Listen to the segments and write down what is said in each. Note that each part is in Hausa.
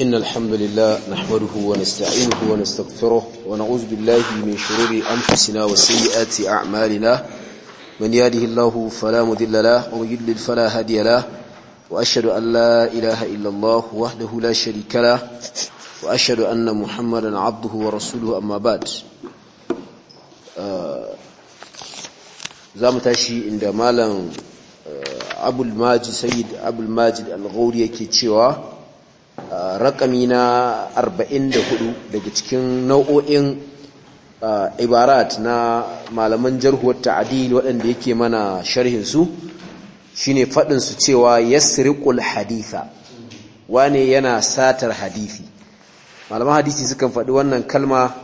إن الحمد لله نحمده ونستعينه ونستغفره ونعوذ بالله من شرور أنفسنا وسيئات أعمالنا من يهده الله فلا مضل له ومن يضلل فلا هادي له وأشهد أن لا إله إلا الله وحده لا شريك له وأشهد أن محمدا عبده ورسوله أما بعد za mu tashi inda malam abulmajid sayid abulmajid alghauri yake cewa rakami na 44 daga cikin nau'o'in ibarat na malaman jarhuwar ta'adil waɗanda yake mana sharhinsu su shine faɗin su cewa yasriqul haditha wane yana satar hadisi malaman hadisi sukan faɗi wannan kalma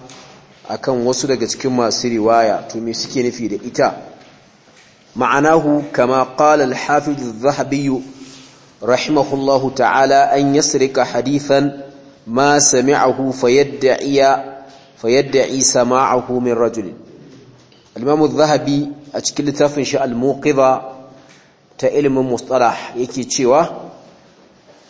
akan wasu daga cikin masu riwaya to me suke nufi da ita ma'anahu kama qala al-hafiz az rahimahullahu ta'ala an yasrika hadithan ma sami'ahu fayadda'iya fayadda'i sama'ahu min rajulin al-imam adh-dhahabi a cikin littafin shi al-muqiza ta ilmin mustalah yake cewa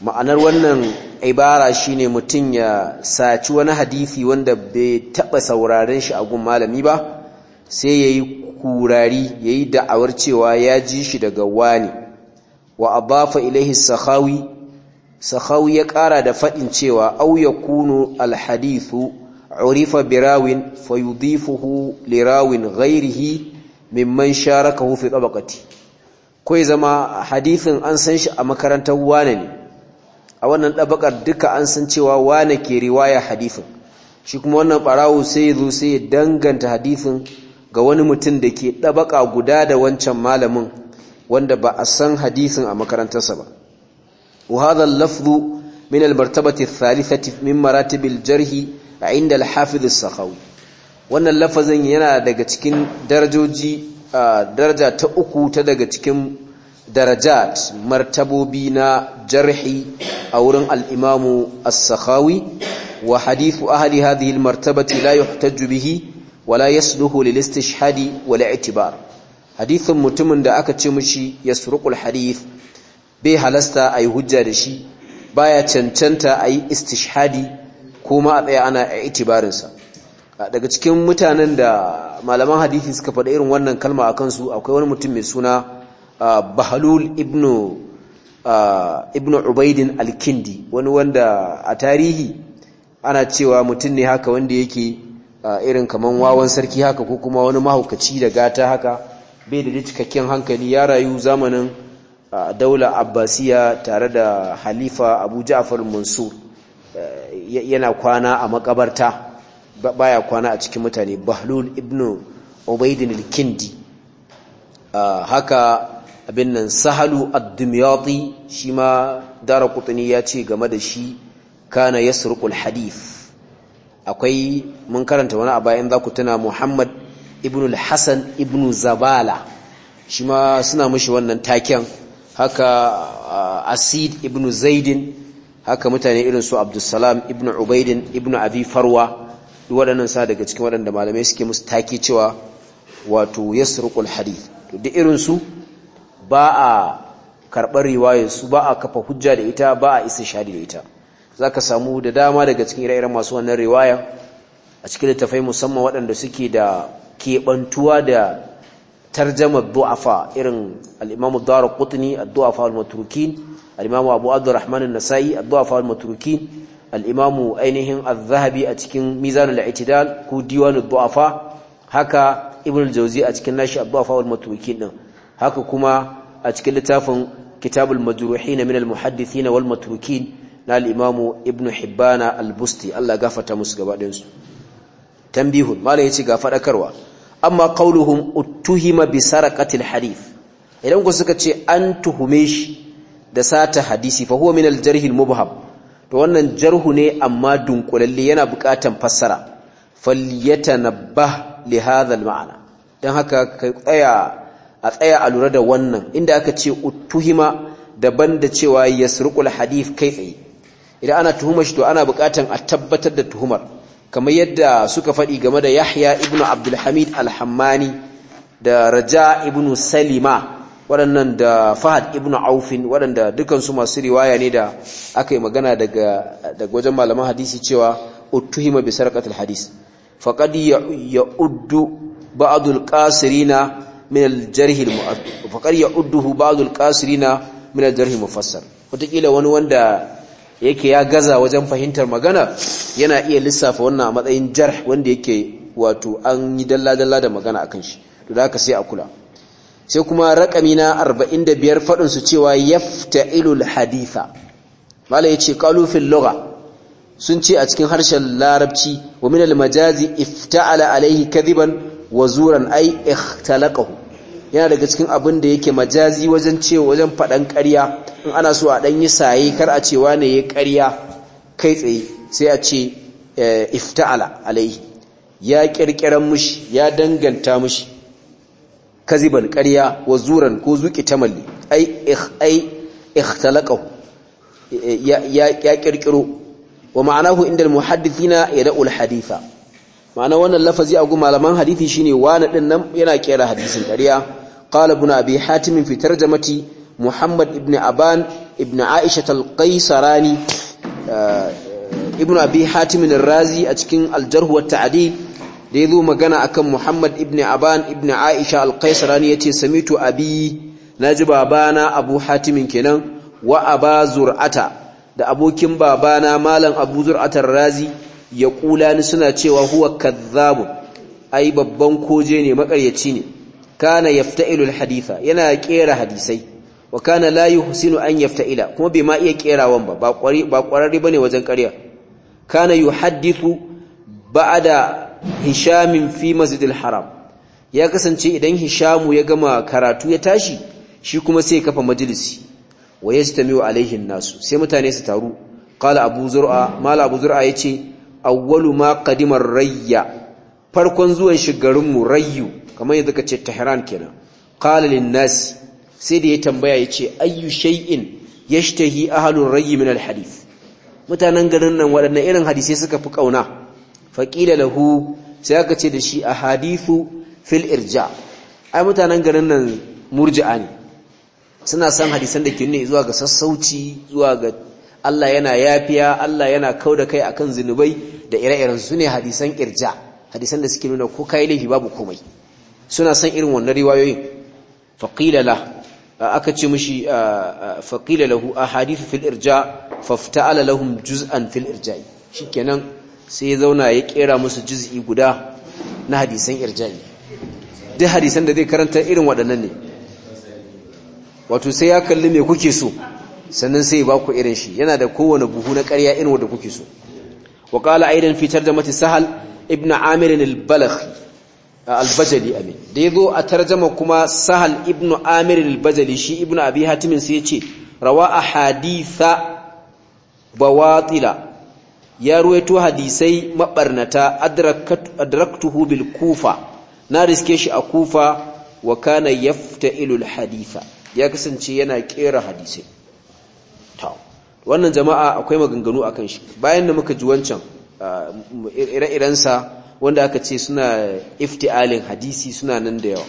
ma'anar wannan ibara shine mutum ya saci wani hadisi wanda bai taba sauraren shi a gun malami ba sai yayi kurari yayi da'awar cewa ya ji shi daga wani wa abafa ilaihi sakhawi sakhawi ya ƙara da faɗin cewa au yakunu alhadithu urifa birawin fayudifuhu lirawin ghairihi mimman sharakahu fi tabaqati koi zama hadithin an san shi a makarantar wane ne a wannan tabaqar duka an san cewa wane ke riwaya hadithin shi kuma wannan barawo sai zo sai danganta hadithin ga wani mutum da ke tabaka guda da wancan malamin wanda ba a san hadisin a makarantarsa ba wa hadha al-lafdhu min al-martabati ath-thalithati min maratib al a 'inda al-hafiz wannan lafazin yana daga cikin darajoji daraja ta uku ta daga cikin darajat martabobi na jarhi a wurin al'imamu as-sakhawi wa hadithu ahli hadhihi al-martabati la yuhtaju bihi wa la yasluhu lil istishhadi wa la i'tibar hadithin mutumin da aka ce mishi surukul hadith bai halasta a yi hujja da shi baya cancanta a yi istishhadi ma a tsaya ana a itibarinsa daga cikin mutanen da malaman hadithi suka faɗa irin wannan kalma a kansu akwai wani mutum mai suna bahalul Ibn ubaidin alkindi wani wanda a tarihi ana cewa mutum ne haka wanda yake irin kaman wawan sarki haka ko kuma wani mahaukaci da gata haka bai da cikakken hankali ya rayu zamanin daular abbasiya tare da halifa abu ja'far mansur yana kwana a makabarta baya kwana a cikin mutane bahlul ibn ubaidin al-kindi haka abin nan sahalu ad-dumyati shi ma dara kutuni ya ce game da shi kana yasruqul hadith akwai mun karanta wani a bayan za ku tuna muhammad ibn al-hasan ibn zabala shi ma suna mashi wannan taken haka uh, asid ibn zaidin haka mutane irin su Abdulsalam ibn ubaidin ibn abi farwa waɗannan sa daga cikin waɗanda malamai suke musu take cewa wato yasruqul hadith to duk irin su ba a karɓar riwayar su ba a kafa hujja da ita ba a isa shari da ita za ka samu da dama daga cikin ire-iren masu wannan riwaya a cikin littafai musamman waɗanda suke da keɓantuwa da tarjama du'afa irin al dara daru qutni ad-du'afa al-maturukin al abu abdurrahman an-nasai ad-du'afa al imamu ainihin az-zahabi a cikin mizan al ku diwan duafa haka ibn al a cikin nashi ad-du'afa al din haka kuma a cikin littafin kitab al-majruhin min al-muhaddithin wal-maturukin na al-imamu ibn hibbana al-busti Allah gafarta musu gaba ɗayan su tambihun malai yace ga fadakarwa amma qauluhum uttuhima bi sarqatil hadith idan ku suka ce an tuhume shi da sata hadisi fa huwa min al to wannan jarhu ne amma dunkulalle yana buƙatan fassara falyatanabbah li hadha al ma'ana dan haka kai tsaya a tsaya a lura da wannan inda aka ce uttuhima daban da cewa yasruqul hadith kai tsaye idan ana tuhuma shi to ana buƙatan a tabbatar da tuhumar kamar yadda suka faɗi game da Yahya ibn Abdulhamid al-Hammani da Raja ibn Salima waɗannan da Fahad ibn Aufin waɗanda dukansu masu riwaya ne da aka yi magana daga wajen malaman hadisi cewa uttuhima bi sarqatil hadis faqad ya'uddu ba'd qasirina min al-jarh al faqad ya'udduhu qasirina min al-jarh al-mufassar wataƙila wani wanda yake ya gaza wajen fahimtar magana yana iya lissafa wannan a matsayin jarh wanda yake wato an yi dalla-dalla da magana akan shi to da haka sai a kula sai kuma rakami na 45 fadin su cewa yafta'ilul haditha mala yace qalu fil lugha sun ce a cikin harshen larabci wa min al majazi ifta'ala alayhi kadiban wa zuran ay ikhtalaqahu yana daga cikin abin da yake majazi wajen cewa wajen fadan ƙarya in ana so a dan yi saye kar a ce wane ya ƙarya kai tsaye sai a ce eh, ifta'ala alaihi ya kirkiran mushi ya danganta mushi kaziban ƙarya wa zuran ko zuƙi ta malli? ai ikhtalaqahu ya ya kirkiro wa ma'anahu inda almuhaddithina yad'u alhaditha ma'ana wannan lafazi a gu malaman hadisi shine wani ɗin nan yana kera hadisin ƙarya qala ibn abi fitar fi tarjamati muhammad ibn aban ibn aisha talqaisarani eh, ibn abi hatim razi a cikin aljarhu wa ta'dil da yazo magana akan muhammad ibn aban ibn aisha alqaisarani yace samitu abi naji babana abu hatimin kenan wa aba zur'ata da abokin babana malam abu zur'atar razi ya kula ni suna cewa huwa kadhabu ai babban koje ne makaryaci ne kana yafta'ilul haditha yana kera hadisai wa kana la yuhsinu an yafta'ila kuma bai ma iya kerawan ba ba kwari ba kwararre bane wajen ƙarya kana yuhaddithu ba'da hisham fi masjidil haram ya kasance idan hishamu ya gama karatu ya tashi shi kuma sai ya kafa majalisi wa yastamiu alaihin nasu sai mutane su taru qala abu zur'a mala abu zur'a yace awwalu ma qadimar rayya farkon zuwan shigarin mu rayyu kamar yadda kace tehran kenan qala lin nasi sai da ya tambaya ya ce ayyu shay'in yashtahi ahlur rayyi min alhadith mutanen garin nan waɗannan irin hadisai suka fi kauna faqila lahu sai aka ce da shi ahadithu fil irja ai mutanen garin nan murji'a ne suna san hadisan da ke ne zuwa ga sassauci zuwa ga Allah yana yafiya Allah yana kauda kai akan zinubai da ire-iren su ne hadisan irja hadisan da suke nuna ko kai laifi babu komai suna san irin wannan riwayoyin faqila aka ce mishi ah, ah, faqila lahu ahadithu fil irja fafta'ala lahum juz'an fil shi shikenan sai ya zauna ya kera musu juz'i guda na hadisan irja'i duk hadisan da zai karanta irin waɗannan ne wato sai ya kalli me kuke so sannan sai ya ba irin shi yana da kowane buhu na ƙarya irin wanda kuke so wa qala aidan fitar da mati sahal ibn amir al-balakhi al-bajali amin da zo a tarjama kuma sahal ibn amir al shi ibn abi hatimin sai yace rawa a haditha bawatila ya ruwaito hadisai mabarnata adraktuhu bil kufa na riske shi a kufa wa kana yafta'ilul haditha ya kasance yana kera hadisai wannan jama'a akwai maganganu akan shi bayan da muka ji wancan ah, ire-irensa wanda aka ce suna ifti'alin hadisi suna nan da yawa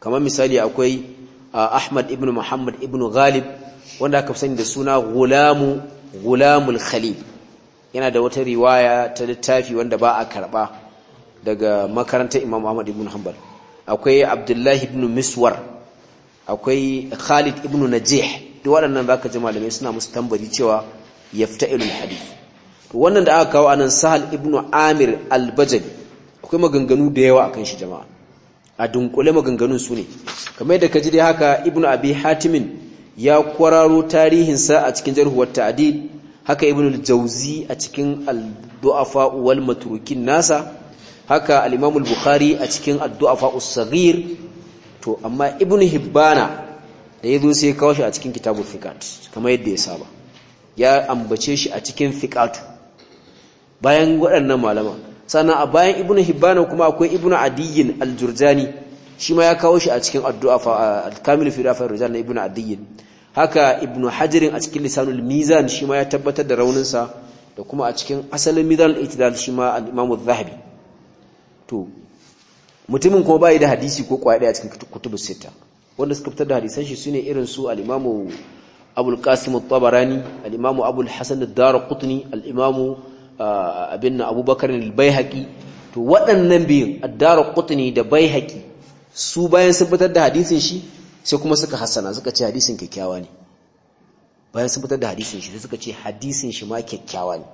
kamar misali akwai Ahmad ibn Muhammad ibn Ghalib wanda aka sani da suna Gulamu Gulamul khalib yana da wata riwaya ta littafi wanda ba a karba daga makarantar Imam Ahmad ibn Hanbal akwai Abdullahi ibn Miswar akwai Khalid ibn Najih duk waɗannan zaka ji malamai suna musu tambari cewa yafta'ilul hadith wannan da aka kawo anan sahal ibnu amir al-bajali akwai maganganu da yawa akan shi jama'a a dunkule maganganun su ne kamar yadda kaji dai haka ibnu abi hatimin ya kwararo tarihin sa a cikin jarhuwar ta'did haka ibnu al a cikin al-du'afa wal matrukin nasa haka al-imam al-bukhari a cikin ad-du'afa saghir to amma ibnu hibbana da yazo sai kawo shi a cikin kitabul fiqat kamar yadda ya saba ya ambace shi a cikin fiqatu bayan waɗannan malama sannan a bayan ibnu hibbana kuma akwai ibnu adiyin aljurjani shi ma ya kawo shi a cikin addu'a al-kamil fi rafa rijal na ibn adiyin haka ibnu hajirin a cikin lisanul mizan shi ma ya tabbatar da raunin sa da kuma a cikin asalin mizan al-itidal shi ma al-imam zahabi to mutumin kuma bai da hadisi ko kwaya daya cikin kutubus sita wanda suka fitar da hadisan shi sune irin su al abul qasim at-tabarani al-imamu abul hasan ad-darqutni al-imamu abin na abubakar bai haƙi to waɗannan biyun addara ƙutuni da bai haƙi su bayan sun fitar da hadisin shi sai kuma suka hassana suka ce hadisin kyakkyawa ne bayan sun fitar da hadisin shi suka ce hadisin shi ma kyakkyawa ne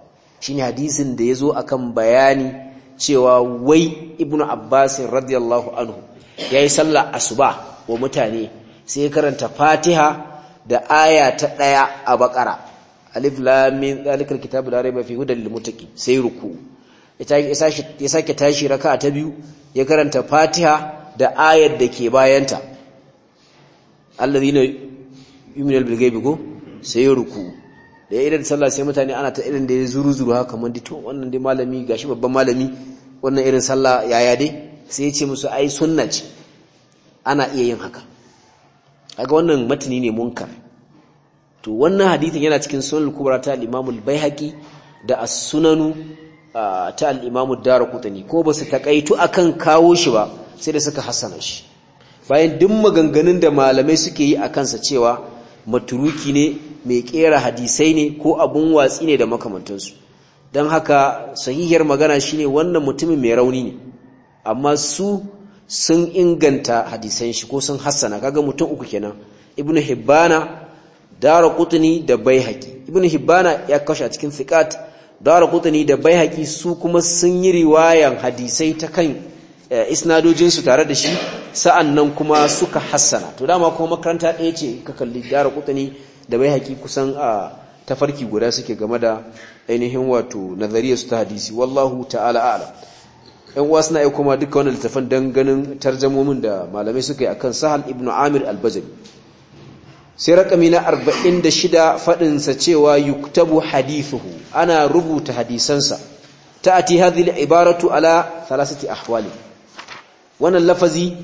shine hadisin da ya zo akan bayani cewa wai ibnu abbasin radiyallahu anhu ya yi sallah asuba wa mutane sai ya karanta fatiha da aya ta ɗaya a bakara alif lam min zalikal kitabu la rayba fi hudal lil sai ruku ya sake tashi raka'a ta biyu ya karanta fatiha da ayar da ke bayanta alladhina yu'minuna bil ghaibi ko sai ruku da ya idan sallah sai mutane ana ta irin da ya zuru zuru haka man dito wannan dai malami gashi babban malami wannan irin sallah yaya dai sai ya ce musu ai sunna ce ana iya yin haka kaga wannan matani ne munkar to wannan hadithin yana cikin sunan kubra ta al-imamul baihaqi da as-sunanu ta al-imamu darqutni ko ba su takaitu akan kawo shi ba sai da suka hasana shi bayan duk maganganun da malamai suke yi akan sa cewa maturuki ne mai kera hadisai ne ko abun watsi ne da makamantansu don haka sahihiyar magana shine wannan mutumin mai rauni ne amma su sun inganta hadisan shi ko sun hassana kaga mutum uku kenan ibnu hibbana dara kutuni da baihaqi ibn hibbana ya kashe a cikin fiqat dara kutuni da bai baihaqi su kuma sun yi riwayan hadisai ta kan eh, isna'dojinsu tare da shi sa'an nan kuma suka hassana to dama kuma makaranta ɗaya ce ka kalli dara kutuni da bai baihaqi kusan a tafarki guda suke game da ainihin wato nazariyar su ta hadisi wallahu ta'ala a'lam ɗan wasu suna aiko ma duka wani littafin dan ganin tarjamomin da malamai suka yi a kan Sahal ibn Amir al-Bajali sai rakami na 46 fadinsa cewa yuktabu hadithuhu ana rubuta hadisansa ta'ati hadhihi al-ibaratu ala thalathati ahwali wannan lafazi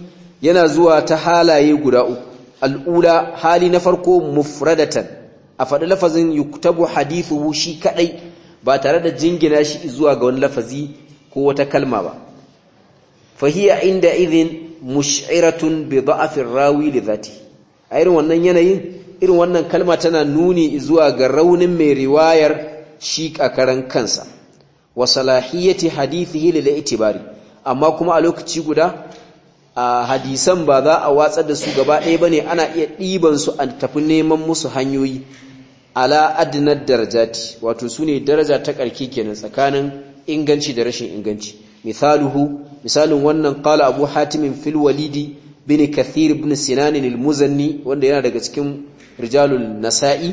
yana zuwa ta halaye guda uku al'ula hali na farko mufradatan a faɗi lafazin yuktabu hadithuhu shi kadai ba tare da jingina shi zuwa ga wani lafazi ko wata kalma ba fahiya inda idhin mush'iratun bi da'fi ar-rawi li dhatihi a irin wannan yanayin irin wannan kalma tana nuni zuwa ga raunin mai riwayar shi karan kansa wa salahiyati hadithihi lil itibari amma kuma a lokaci guda a hadisan ba za a watsar da su gaba ɗaya bane ana iya ɗiban su a tafi neman musu hanyoyi ala adnad darajati wato sune daraja ta ƙarki kenan tsakanin inganci da rashin inganci misaluhu misalin wannan qala abu hatim fil bin kathir ibn sinan al-muzanni wanda yana daga cikin rijalul nasa'i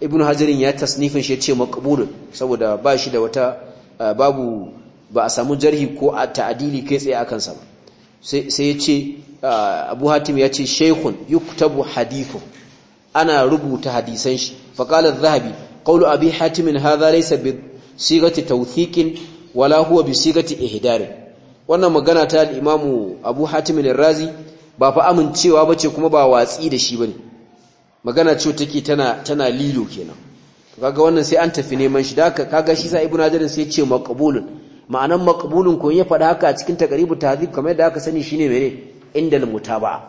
ibn hajarin ya tasnifin shi yace maqbul saboda ba shi da wata babu ba a samu jarhi ko a ta'adini kai tsaye akan sa ba sai yace abu hatim yace shaykhun yuktabu hadithu ana rubuta hadisan shi faqala adh-dhahabi qawlu abi hatim hadha laysa bi sigati tawthiqin wala huwa bi sigati ihdari wannan magana ta al-imamu abu hatim al-razi ba fa amincewa ba ce kuma ba watsi da shi ba ne. magana ce take tana tana lilo kenan kaga wannan sai an tafi neman shi daga kaga shi sa ibnu hajar sai ce maqbulun ma'anan maqbulun ko ya faɗa haka a cikin taqribu tahzib kamar yadda aka sani shine mene indal mutaba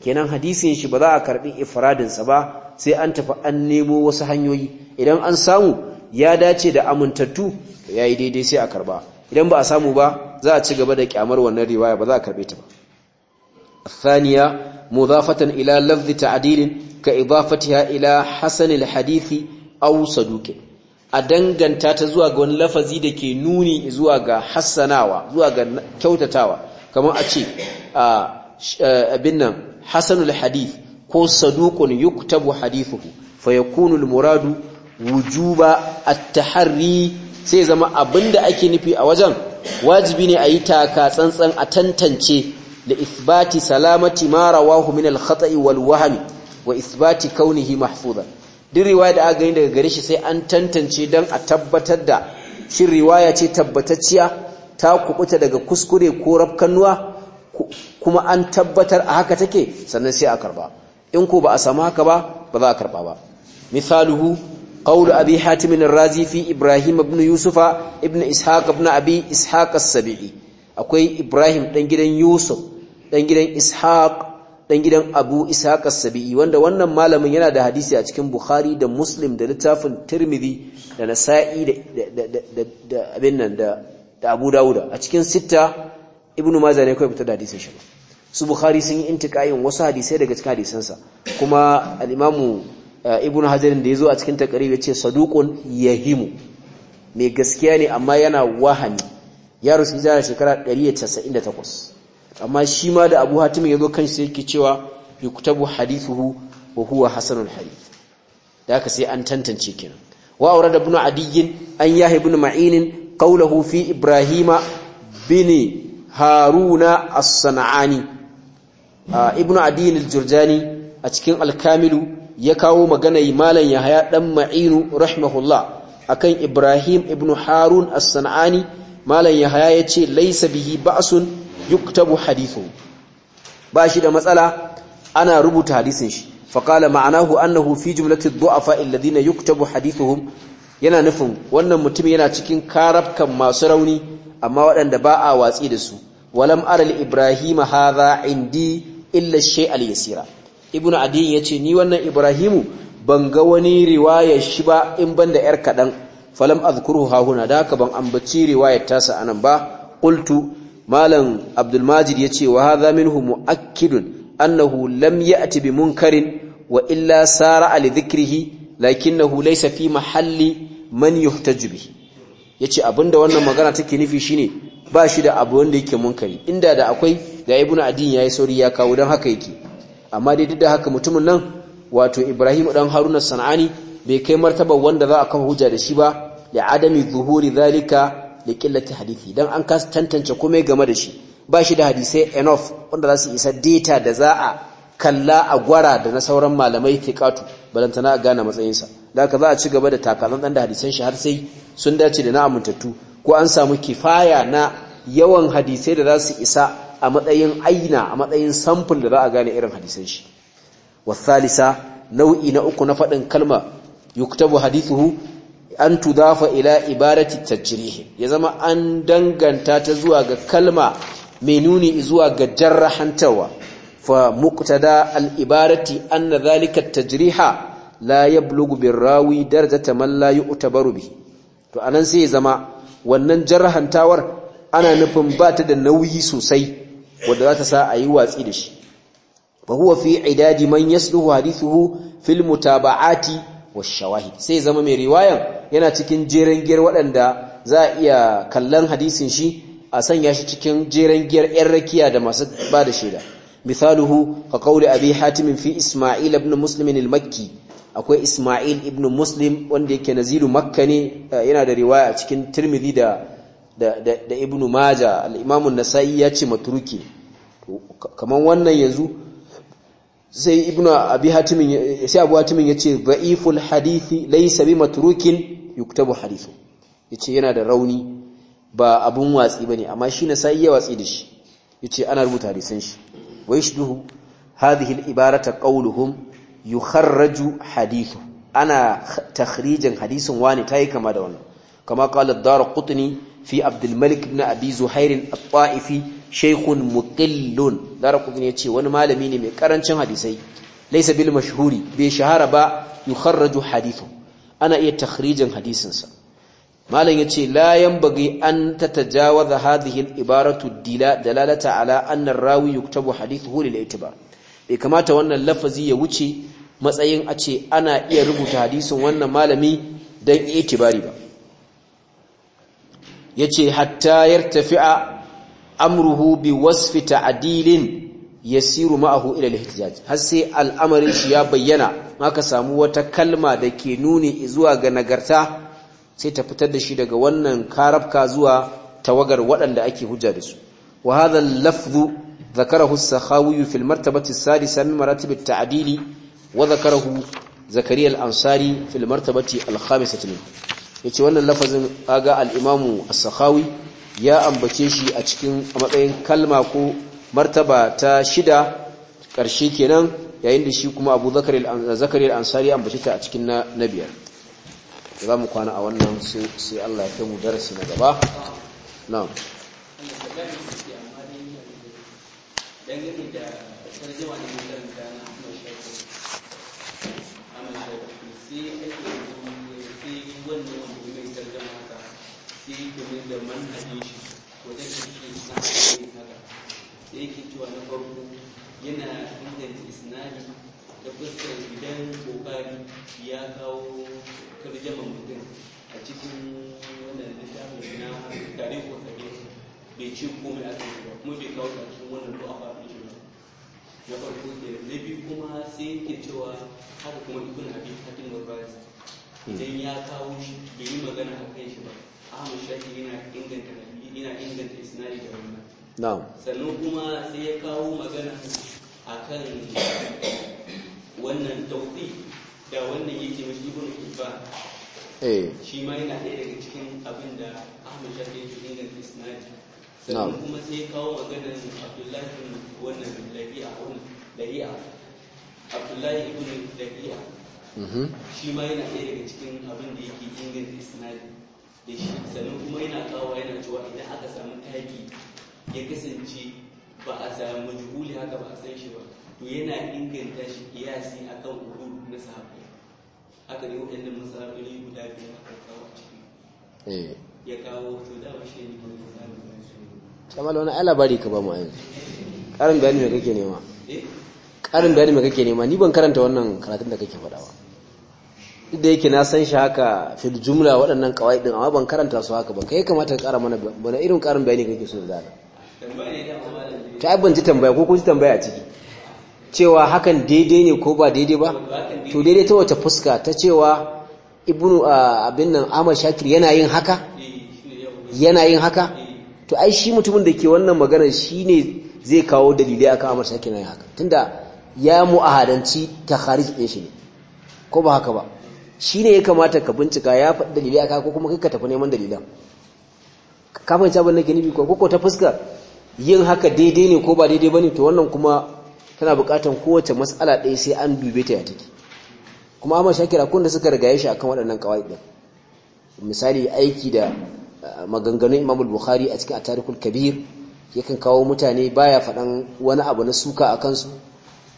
kenan hadisin shi ba za a karbi ifradin sa ba sai an tafi an nemo wasu hanyoyi idan an samu ya dace da amintattu yayi daidai sai a karba idan ba a samu ba za a ci gaba da kyamar wannan riwaya ba za a karbe ta ba الثانيه ila الى لفظ تعديل كاضافتها ila حسن au او a danganta ta zuwa ga wani lafazi da ke nuni zuwa ga hassanawa zuwa ga kyautatawa kamar a ce abin nan hasanul ko saduqun yuktabu hadithuhu fayakunul muradu wujuba at-tahri sai zama da ake nufi a wajen wajibi ne a yi taka tsantsan a tantance لإثبات سلامة ما رواه من الخطأ والوهم وإثبات كونه محفوظا duk riwaya da aka gani daga gare shi sai an tantance don a tabbatar da shin riwaya ce tabbatacciya ta kubuta daga kuskure ko rafkanuwa kuma an tabbatar a haka take sannan sai a karba in ko ba a samu haka ba ba za a karba ba misaluhu قول أبي حاتم الرازي في إبراهيم بن يوسف ابن إسحاق بن أبي إسحاق السبيعي أكوي إبراهيم تنجد yusuf. dan gidan ishaq dan gidan abu ishaq as-sabi'i wanda wannan malamin yana da hadisi a cikin bukhari da muslim da littafin tirmidhi da nasa'i da abin nan da abu Dawud a cikin sitta ibnu majah ne kai fitar da hadisin shi su bukhari sun yi intikayin wasu hadisai daga cikin hadisansa kuma al eh, ibnu hajar da yazo a cikin ya ce saduqun yahimu mai gaskiya ne amma yana wahani ya rusu hijira shekara 198 amma shi ma da abu hatim ya zo kan shi yake cewa yuktabu hadithuhu wa huwa hasanul hadith da haka sai an tantance kenan wa aurada ibn adiyyin an yahi ibn ma'in qawluhu fi ibrahima bin haruna as-sanani ibn adiyyin al-jurjani a cikin al-kamilu ya kawo magana malan yahya dan ma'inu rahimahullah akan ibrahim ibn harun as-sanani malan yahya yace laysa bihi ba'sun yuktabu hadithu ba shi da matsala ana rubuta hadisin shi faqala ma'anahu annahu fi jumlati du'afa alladhina yuktabu hadithuhum yana nufin wannan mutum yana cikin karabkan masu rauni amma waɗanda ba a watsi da su walam aral ibrahima hadha indi illa shay al yasira ibnu adi yace ni wannan ibrahimu ban ga wani riwayar shi ba in banda yar kadan falam azkuruha huna da haka ban ambaci riwayar tasa anan ba qultu malam abdulmajid ya ce wa haza minhu mu'akkidun annahu lam ya'ti bi munkarin wa illa sara ali dhikrihi lakinnahu laysa fi mahalli man yuhtaju bihi yace abinda wannan magana take nufi shine ba shi da abu wanda yake munkari inda da akwai da ibnu adin yayi sauri ya kawo dan haka yake amma dai duk da haka mutumin nan wato ibrahim dan haruna sanani bai kai martaba wanda za a kafa hujja da shi ba ya adami zuhuri zalika da killata hadisi dan an kasa tantance komai game da shi ba shi da hadisai enough wanda za su isa data da za a kalla a gwara da na sauran malamai fiqatu balantana a gane matsayinsa da aka za a ci gaba da takalan dan da hadisan shi har sai sun dace da na amintattu ko an samu kifaya na yawan hadisai da za su isa a matsayin aina a matsayin sample da za a gane irin hadisan shi wasalisa nau'i na uku na faɗin kalma yuktabu hadithuhu an tudafa ila ibarati tajrihi ya zama an danganta ta zuwa ga kalma mai nuni zuwa ga jarrahantawa fa muqtada al ibarati anna zalika tajriha la yablughu bir rawi darajata man la yu'tabaru bi to anan sai ya zama wannan jarrahantawar ana nufin ba ta da nauyi sosai wanda za ta sa a yi watsi da shi fa huwa fi idadi man yasluhu hadithuhu fil mutaba'ati wa shawahid sai zama mai riwayan yana cikin jeren giyar waɗanda za a iya kallon hadisin shi a sanya shi cikin jeren giyar ‘yan rakiya da masu ba da shaida misaluhu ka kauli abi hatimin fi ismail ibn muslimin al-makki akwai ismail ibn muslim wanda yake naziru makka ne eh, yana da riwaya cikin tirmidhi da da ibn maja al-imamun nasa'i ya ce maturuki kamar wannan yanzu sai ibnu abi hatimin sai abu hatimin yace da'iful hadithi laysa bi matrukin yuktabu hadithu yace yana da rauni ba abun watsi bane amma shi na sai ya watsi da yace ana rubuta hadisan shi wa yashduhu hadhihi al-ibarata qawluhum yukharraju hadithu ana takhrijin hadisin wani tayi kama da wannan kama qala ad-darqutni fi abdulmalik ibn abi zuhairin at-ta'ifi shaykhun muqillun darakubni yace wani malami ne mai karancin hadisai laysa bil mashhuri bai shahara ba yukharraju hadithu ana iya takhrijin hadisinsa malam yace la yanbaghi an tatajawaza hadhihi al-ibaratu dalalata ala anna ar-rawi yuktabu hadithuhu lil itibar bai kamata wannan lafazi ya wuce matsayin a ce ana iya rubuta hadisin wannan malami dan itibari ba yace hatta yartafi'a amruhu bi wasfi ta'dilin yasiru ma'ahu ila al-ihtijaj har sai al'amarin shi ya bayyana maka samu wata kalma da ke nuni zuwa ga nagarta sai ta fitar da shi daga wannan karabka zuwa tawagar waɗanda ake hujja da su wa hadha al-lafdhu ذكره السخاوي في المرتبة السادسة من مراتب التعديل وذكره زكريا الأنصاري في المرتبة الخامسة منه yace wannan lafazin aga al-imamu as-sakhawi ya ambace shi a cikin matsayin kalma ko martaba ta shida ƙarshe kenan yayin da shi kuma Abu Zakari al-Ansari ambace ta a cikin na nabiyar za mu kwana a wannan sai Allah ya kai mu darasi na gaba na wanda ya gobe mai tarjama haka sai yake mai da manhajin shi wajen kirkin isnadin haka sai yake cewa na farko yana inganta isnadi da fuskar idan kokari ya kawo tarjama mutum a cikin wannan littafin na tare ko tare bai ce komai a cikin ba kuma bai kawo cikin wannan ruwa ba shi ba na farko ke na biyu kuma sai yake cewa haka kuma ibn abi hakim al-razi idan hmm. ya kawo shi bai yi magana a kan shi ba ahmad shafi yana inganta yana inganta isnadi da wannan na'am sannan kuma sai ya kawo magana a kan wannan tauqi da wannan yake mashi ibn hibban eh shi ma yana ɗaya daga cikin abin da ahmad shafi yake inganta isnadi sannan kuma sai ya kawo magana abdullahi wannan lahi'a wannan lafiya abdullahi ibn lafiya Mm-hmm. shi ma yana ɗaya daga cikin abin da yake inganta isnadi da shi sannan kuma yana kawo yana cewa idan aka samu taki ya kasance ba a samu juhuli haka ba a san shi ba to yana inganta shi kiyasi akan uhud na sahabbai haka ne waɗanda masarari guda biyu aka kawo a ciki eh. ya kawo to da ba shi ne mai misali ba shi kamar wani alabari ka ba mu yanzu ƙarin bayani me kake nema eh? ƙarin bayani me kake nema ni ban karanta wannan karatun da kake faɗa ba da yake na san shi haka fil jumla waɗannan kawai din amma ban karanta su haka ba kai kamata ka ƙara mana bana irin karin bayani kake so da ta ai ji tambaya ko kun ji tambaya a ciki cewa hakan daidai ne ko ba daidai ba to daidai ta wace fuska ta cewa ibnu abin nan amma Shakir yana yin haka yana yin haka to ai shi mutumin da ke wannan maganar shine zai kawo dalilai aka amma Shakir yana yin haka tunda ya mu'ahadanci kharij din shi ne ko ba haka ba shi ne ya kamata ka bincika ya faɗi dalilai aka ko kuma ka tafi neman dalilan ka fahimci abin gini ke nufi ta fuska yin haka daidai ne ko ba daidai ba ne to wannan kuma tana bukatan kowace matsala ɗaya sai an dube ta ya take kuma amma shakira kun da suka rigaye shi akan waɗannan kawai ɗin misali aiki da maganganun imam bukhari a cikin atarikul kabir yakan kawo mutane baya faɗan wani abu na suka a kansu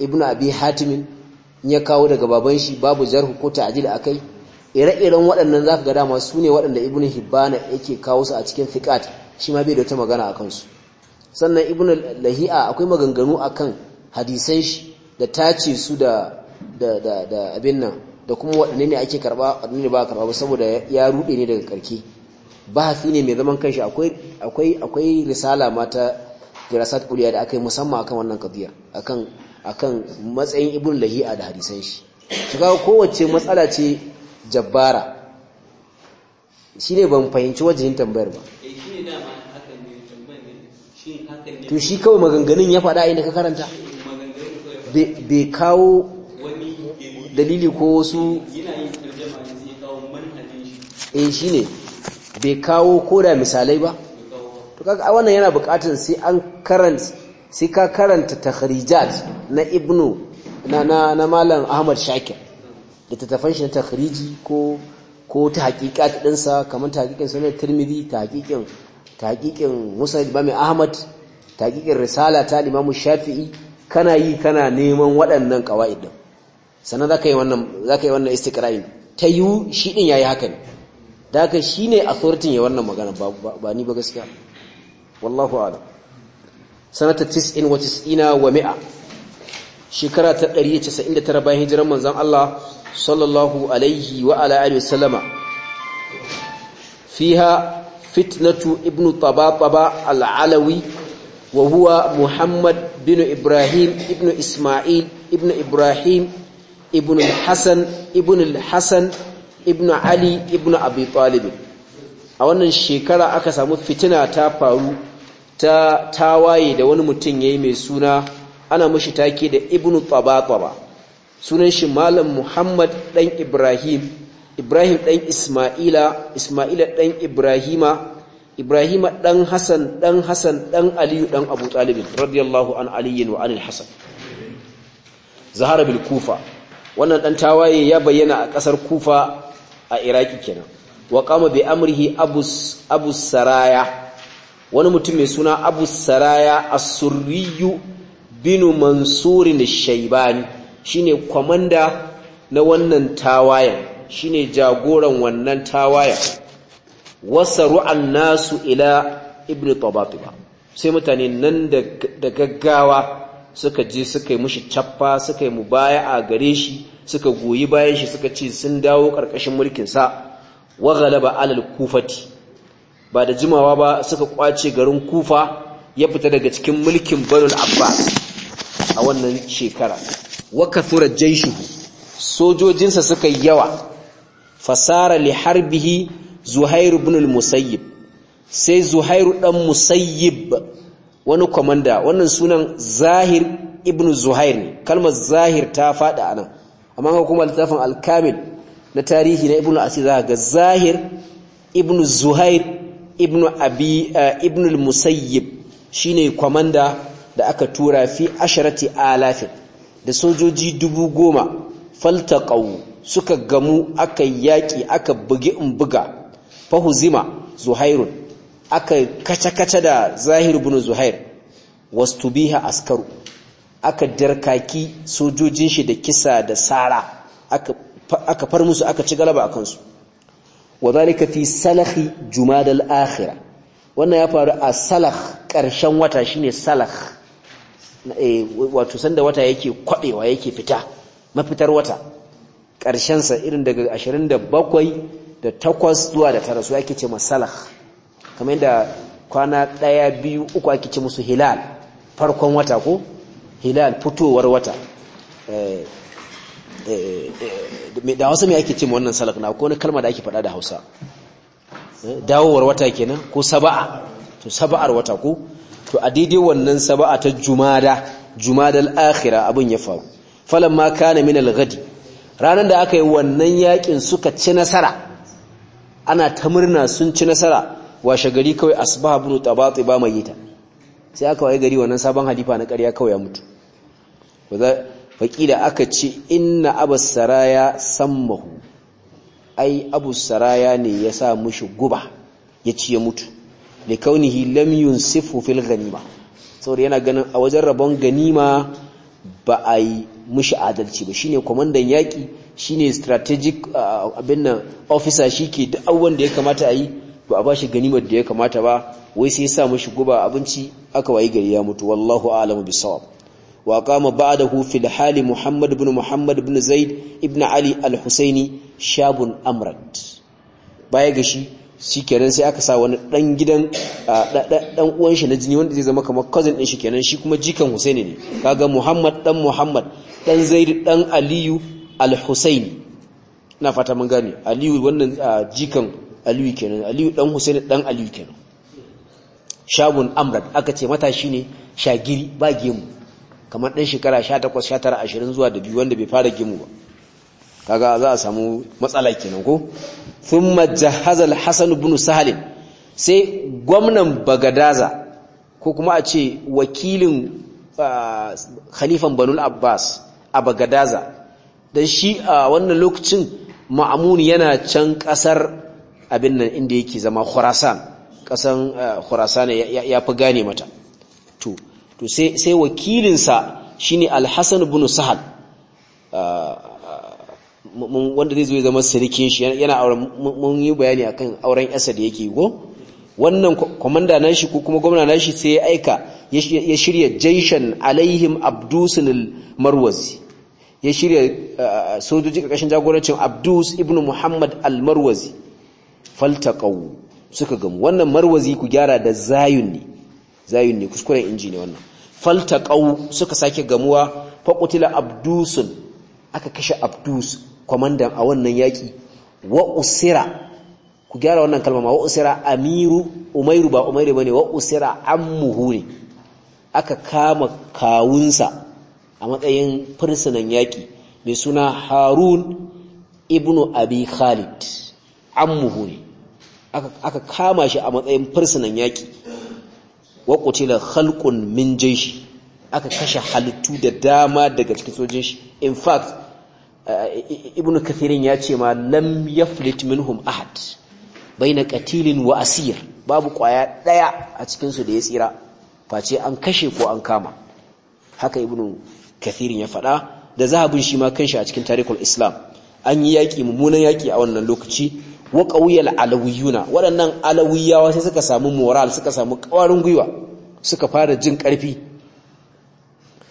ibnu abi hatimin ya kawo daga baban shi babu jarhu ko ta'dil akai ire-iren waɗannan zaka ga dama su ne waɗanda ibnu hibbana yake kawo su a cikin fiqat shi ma bai da wata magana akan su sannan ibnu lahi'a akwai maganganu akan hadisan shi da tace su da da da abin nan da kuma waɗanne ne ake karba waɗanne ne ba karba ba saboda ya rude ne daga karke hafi ne mai zaman kanshi akwai akwai akwai risala mata dirasat kuliya da akai musamman akan wannan qadiyar akan akan matsayin ibn lahi'a da hadisan shi ga kowace matsala ce jabbara shine ban fahimci wajen tambayar ba eh, to shi kawai maganganun ya faɗa inda ka karanta bai kawo dalili ko wasu shi eh, shine bai kawo koda misalai ba to kaga wannan yana bukatar sai an karanta sai ka karanta takhrijat na ibnu na na, na malam ahmad shakir da tafan shi na takhriji ko ko ta ta dinsa kamar ta hakikin sunan tirmidhi ta hakikin ta hakikin musa ibami ahmad ta hakikin risala ta imamu shafi'i kana yi kana neman waɗannan qawaid din sanan zaka yi wannan zaka yi wannan istiqra'i ta yu shi din yayi haka ne da haka shine authority ya wannan magana ba ni ba gaskiya wallahu a'lam sanata 99 wa mi'a shekara ta 199 bayan hijiran manzon Allah sallallahu alaihi wa ala alihi wasallama fiha fitnatu ibn tabataba al-alawi wa huwa muhammad bin ibrahim ibn isma'il ibn ibrahim ibn al-hasan ibn al-hasan ibn ali ibn abi talib a wannan shekara aka samu fitina ta faru ta tawaye da wani mutum yi mai suna ana mashi take da ibnu tabataba sunan shi malam muhammad ɗan ibrahim ibrahim ɗan isma'ila isma'ila dan ibrahima ibrahima dan Hassan, dan Hassan, dan aliyu dan abu talibin radiyallahu an aliyin wa anil Hassan. zahara bil kufa wannan ɗan tawaye ya bayyana a ƙasar kufa a iraki kenan wa kama bi amrihi abus abus saraya wani mutum mai suna abu saraya a asurriyu binu mansurin shaibani shine kwamanda na wannan tawayan shine jagoran wannan tawayan wasaru nasu ila ibnu tabatiba sai mutane nan da gaggawa suka je suka yi mushi cappa suka yi a gare shi suka goyi bayan shi suka ce sun dawo ƙarƙashin mulkin sa wa galaba alal kufati ba da jimawa ba suka kwace garin kufa ya fita daga cikin mulkin banul abba a wannan shekara waka tura jaishu sojojinsa suka yawa fasara li harbihi zuhairu binul musayyib sai Zuhairu dan musayyib wani kwamanda, wannan sunan zahir ibn zuhair ne kalmar zahir ta fada anan amma kuma littafin alkamil na tarihi na ibn asir ga zahir ibn zuhair ibn abi eh, ibn al-musayyib shine komanda da aka tura fi asharati alaf da sojoji dubu goma faltaqaw suka gamu aka yaki aka bugi in buga fahuzima zuhairun aka kace-kace da zahir ibn zuhair wastubiha askaru aka darkaki sojojin shi da kisa da sara aka far musu aka ci galaba akan su wa zalika fi salakhi jumadal akhirah wannan ya faru a salakh ƙarshen wata shine salakh eh wato sanda wata yake kwadewa yake fita mafitar wata karshen sa irin daga 27 da 8 zuwa da 9 su ake ce masalakh kamar yadda kwana daya biyu uku ake ce musu hilal farkon wata ko hilal fitowar wata Eh, eh, da wasu mai ake ce wannan salak na ko wani kalma da ake fada da hausa eh, dawowar wata kenan ko saba'a to saba'ar wata ko to a daidai wannan saba'a ta jumada jumadal akhira abin ya faru ma kane min al ranar da aka yi wannan yakin suka ci nasara ana ta murna sun ci nasara washe gari kawai asbaha ibn tabati ba mai yi ta. sai aka waye gari wannan sabon halifa na karya kawai ya mutu faƙila aka ce inna Aba saraya sammahu ai abu saraya ne ya sa mushi guba ya ci ya mutu da kaunihi lam yunsifu fil ganima saboda yana ganin a wajen rabon ganima ba a yi mushi adalci ba shine kwamandan yaƙi shine strategic abin nan officer shi duk abubuwan da ya kamata a yi ba a ba shi ganimar da ya kamata ba wai sai ya sa mushi guba abinci aka wayi gari ya mutu wallahu a'lamu bisawab wa qama ba'dahu fil hali muhammad ibn muhammad ibn zaid ibn ali al-husaini shabun amrat baya ga shi shi kenan sai aka sa wani dan gidan dan uwan shi na jini wanda zai zama kamar cousin din shi kenan shi kuma jikan husaini ne kaga muhammad dan muhammad dan zaid dan aliyu al-husaini ina fata mun gane aliyu wannan jikan aliyu kenan aliyu dan husaini dan aliyu kenan shabun amrad aka ce matashi ne shagiri ba gemu kamar ɗan shekara 18 19 20 zuwa da biyu wanda bai fara gimu ba kaga za a samu matsala kenan ko sun jahaza Hassan Bin Salim sai gwamnan bagadaza ko kuma a ce wakilin khalifan banul abbas a bagadaza don shi a wannan lokacin ma'amun yana can ƙasar abin nan inda yake zama khurasan kasan khurasan ya fi gane mata to sai sai wakilinsa shine al-Hasan ibn Sahal ah, ah, wanda zai zo ya zama sirikin shi yana auren mun yi bayani akan auren Asad yake go wannan komanda nashi ko kuma gwamna nashi sai ya aika ya shirya jaishan alaihim abdusun marwazi ya shirya ah, sojoji ƙarƙashin jagorancin abdus ibn muhammad Al almarwazi faltaqaw suka gamu wannan marwazi ku gyara da zayun ne zayun ne kuskuren inji ne wannan ƙau suka sake gamuwa fakutila abdusun aka kashe abdus kwamandan a wannan yaƙi wa usira ku gyara wannan kalma ma wa usira amiru umairu ba umairu ne wa usira ammuhu ne aka kama kawunsa a matsayin fursunan yaƙi mai suna harun ibnu abi khalid ammuhu ne aka kama shi a matsayin fursunan yaƙi. wa halƙun khalqun min jayshi aka kashe halittu da dama daga cikin sojin shi in fact uh, ibn kathirin ya ce ma lam yaflit minhum ahad baina qatilin wa asir babu kwaya daya a cikin su da ya tsira face an kashe ko an kama haka ibn kathirin ya faɗa da zahabin shi ma kanshi a cikin tarikhul islam an yi yaƙi mummunan yaƙi a wannan lokaci wa qawiyal alawiyuna waɗannan alawiyawa sai suka samu moral suka samu ƙwarin gwiwa suka fara jin ƙarfi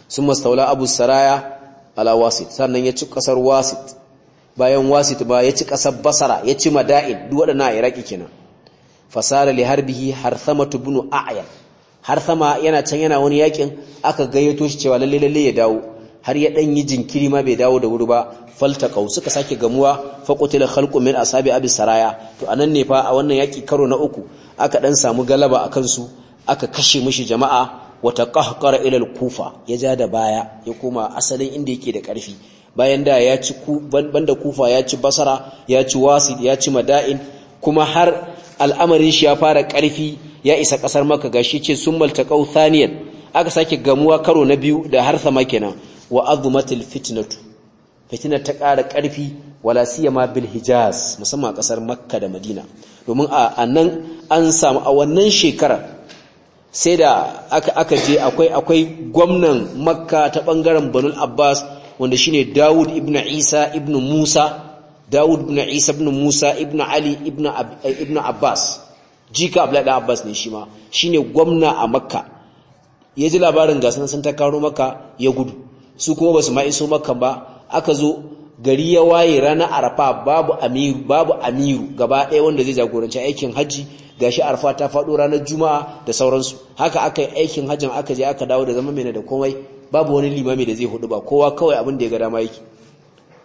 sun mastaula abu saraya ala wasit sannan ya ci ƙasar wasit bayan wasit ba ya ci ƙasar basara ya ci mada'in duk waɗannan a iraki kenan fasara li harbihi harthama ibn a'yan harthama yana can yana wani yakin aka gayyato shi cewa lalle lalle ya dawo har ya dan yi jinkiri ma bai dawo da wuri ba faltaqau suka sake gamuwa faqatil khalqu min ashabi abi saraya to anan ne fa a wannan yaki karo na uku aka ɗan samu galaba akan su aka kashe mishi jama'a wata taqahqara ila al-kufa ya ja da baya ya koma asalin inda yake da karfi bayan da ya ci banda kufa ya ci basara ya ci wasid ya ci mada'in kuma har al'amarin shi ya fara karfi ya isa ƙasar maka gashi ce sun maltaqau thaniyan aka sake gamuwa karo na biyu da harsa kenan wa azmatil fitnatu fitna ta ƙara ƙarfi wala siyama bil hijaz musamman a ƙasar makka da madina domin a nan an samu a wannan shekarar sai da aka aka je akwai akwai gwamnan makka ta bangaren banul abbas wanda shine dawud ibn isa ibn musa dawud ibn isa ibn musa ibn ali ibn ibn abbas jika abdullahi abbas ne shima shine gwamna a makka ya ji labarin gasan sun ta karo makka ya gudu su kuma ba su ma iso makka ba aka zo gari ya waye rana arfa babu amiru babu amiru gaba ɗaya wanda zai jagoranci aikin hajji gashi arfa ta faɗo ranar juma'a da sauransu haka aka yi aikin hajjin aka je aka dawo da zama mai da komai babu wani limami da zai hudu ba kowa kawai abin da ya ga dama yake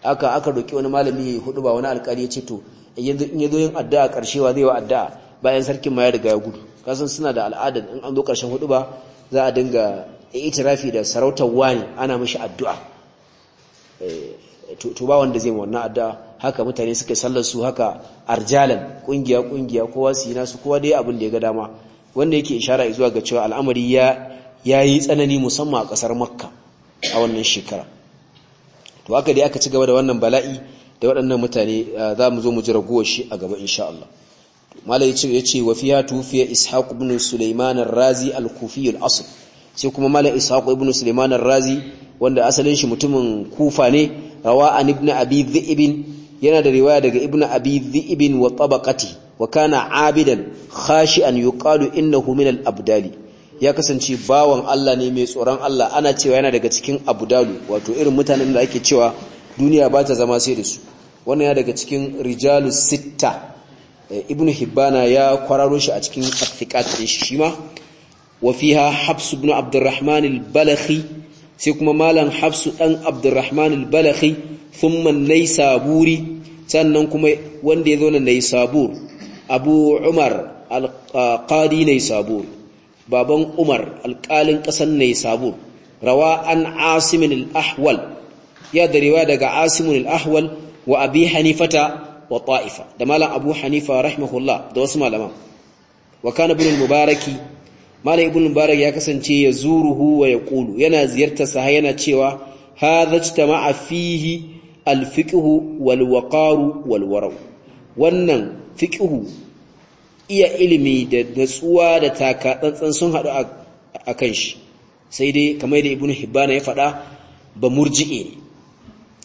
aka aka roki wani malami ya hudu ba wani alƙali ya ce to yanzu in yazo yin addu'a karshewa zai wa addu'a bayan sarkin ma ya riga ya gudu kasan suna da al'adar in an zo karshen hudu ba za a dinga itirafi da sarautar wani ana mashi addu'a eh, to ba wanda zai wannan addu'a haka mutane suka sallar su haka arjalan ƙungiya kungiya kowa su yi nasu kowa dai abin da ya ga dama wanda yake ishara zuwa ga cewa al'amari ya yi tsanani musamman a kasar makka a wannan shekara to haka dai aka ci gaba da wannan bala'i da waɗannan mutane eh, za mu zo mu ji guwa shi a gaba insha Allah malai ya ce wa fiya tufiya ishaq ibn sulaiman ar-razi al-kufi al-asl sai kuma malam ishaq ibn sulaiman ar-razi wanda asalin shi mutumin kufa ne rawa an ibn abi dhi'ib yana da riwaya daga ibn abi dhi'ib wa tabaqati wa kana abidan khashian yuqalu innahu min al-abdali ya kasance bawan Allah ne mai tsoron Allah ana cewa yana daga cikin abdalu wato irin mutanen da ake cewa duniya ba ta zama sai da su wannan ya daga cikin Rijalu sitta eh, ibn hibbana ya kwararo shi a cikin athiqat din shi ma wa fiha Hafs ibn Abdurrahman al-Balakhi sai malam Hafs dan Abdurrahman al-Balakhi thumma Naysaburi sannan kuma wanda ya zo na Naysabur Abu Umar al-Qadi Naysabur baban Umar alƙalin ƙasar Naysabur rawa an Asim al-Ahwal ya da riwaya daga Asim al-Ahwal wa Abi Hanifata wa Ta'ifa da malam Abu Hanifa rahimahullah da wasu malaman wa kana ibn mubaraki malam ibn mubarak ya kasance ya zuruhu wa ƙulu yana ziyarta sa yana cewa hadha ijtama'a fihi alfiqhu wal waqaru wannan fiƙihu iya ilimi da natsuwa da taka tsantsan sun hadu kan shi sai dai kamar da ibn hibana ya fada ba murji'i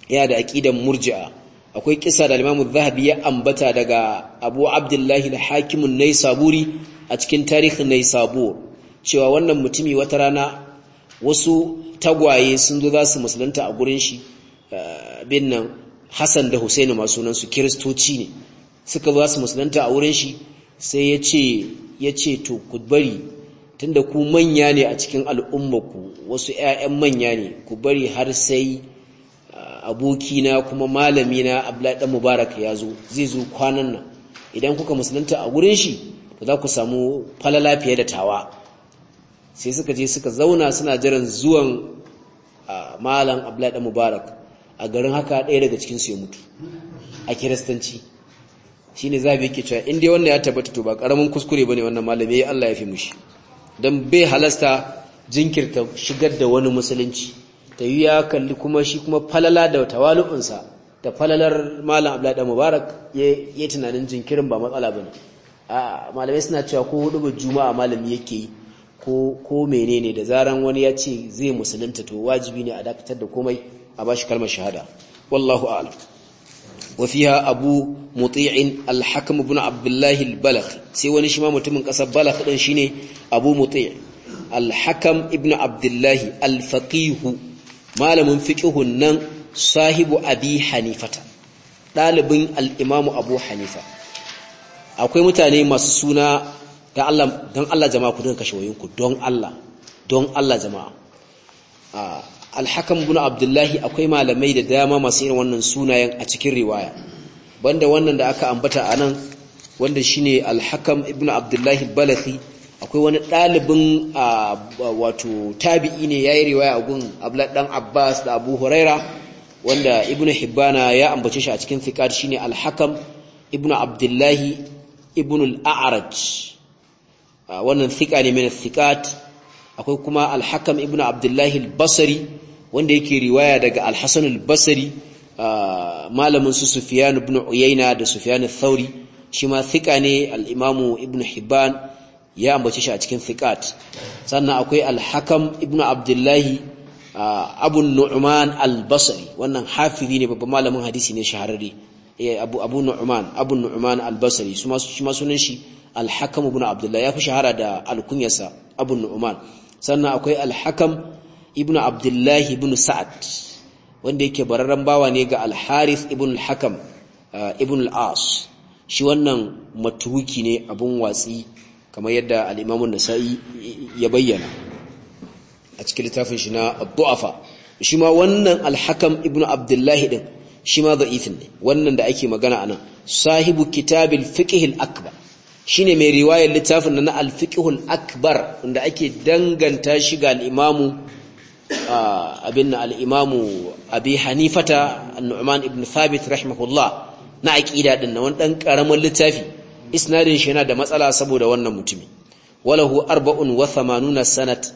yana da aqidan murji'a akwai kisa da Imam Zahabi ya ambata daga Abu abdullahi al-Hakim an-Naisaburi a cikin tarihin Naisabur cewa wannan mutumi wata rana wasu tagwaye sun zo za su musulunta a gurin shi eh, bin nan hassan da husaini masu sunansu kiristoci ne suka zo za su musulunta a wurin shi sai ya ce to ku bari tunda ku manya ne a cikin al'ummaku wasu 'ya'yan manya ne ku bari har sai eh, abokina kuma malamina abdullahi dan mubarak ya zo zai zo kwanan nan idan kuka musulunta a gurin shi to za ku samu falala fiye da tawa sai suka je suka zauna suna jiran zuwan malam abdullahi dan mubarak a garin haka ɗaya daga cikin su ya mutu a kiristanci Shi ne zabi yake cewa in dai wannan ya tabbata to ba karamin kuskure ba ne wannan malami ya eh, Allah ya fi mushi Don bai halasta jinkirta shigar da wani musulunci ta yi ya kalli kuma shi kuma falala da tawalu'unsa da falalar malam abdullahi dan mubarak ya tunanin jinkirin ba matsala ba ne. a malamai suna cewa ko hudu juma'a malami yake yi ko ko menene da zaran wani ya ce zai musulunta to wajibi ne a dakatar da komai a bashi kalmar shahada wallahu a'lam wa fiha abu muti'in al-hakim ibn abdullah al-balakh sai wani shi ma mutumin kasar balakh din shine abu muti' al-hakim ibn abdullah al-faqih malamin fiqhun nan sahibu abi hanifata dalibin al-imam abu hanifa akwai mutane masu suna Don Allah Allah jama'a ku dinga kashe wayoyinku don Allah don Allah jama'a ah, al-hakam abdullahi akwai malamai da dama masu irin wannan sunayen a cikin riwaya banda wannan da aka ambata anan wanda shine al-hakam ibn abdullahi balathi akwai wani ɗalibin wato tabi'i ne yayi riwaya a gun abdullah dan abbas da abu huraira wanda ibn hibbana ya ambace shi a cikin fiqar shine alhakam hakam ibn abdullahi ibn al-a'raj Ah, wannan thiqa ne min akwai kuma al-hakam ibnu abdullahi al-basri wanda yake riwaya daga al-hasan al-basri ah, malamin su sufyan ibn uyayna da sufyan al shima shi ma thiqa ne al-imamu ibnu hibban ya ambace shi a cikin thiqat sannan akwai al-hakam ibnu abdullahi ah, abu nu'man al-basri wannan hafizi ne babban malamin hadisi ne shahararre eh, abu abu nu'man abu nu'man al-basri ma sunan shi al-hakam ibn abdullah ya fi shahara da alkunyarsa abu nu'man sannan akwai al-hakam ibn abdullah ibn sa'ad wanda yake bararren bawa ne ga al-harith ibn al-hakam uh, ibn al-as shi wannan matuki ne abun watsi kamar yadda al-imam an-nasa'i ya bayyana a cikin littafin shi na ad-du'afa shi ma wannan al-hakam ibn abdullah din shi ma da'ifin ne wannan da ake magana anan sahibu kitabil fiqh al-akbar shine mai riwayar littafin na al akbar wanda ake danganta shi ga al-imamu abin al-imamu abi hanifata an-nu'man ibn thabit rahimahullah na aqida din nan dan karamin littafi isnadin shi yana da matsala saboda wannan mutumi walahu 84 sanat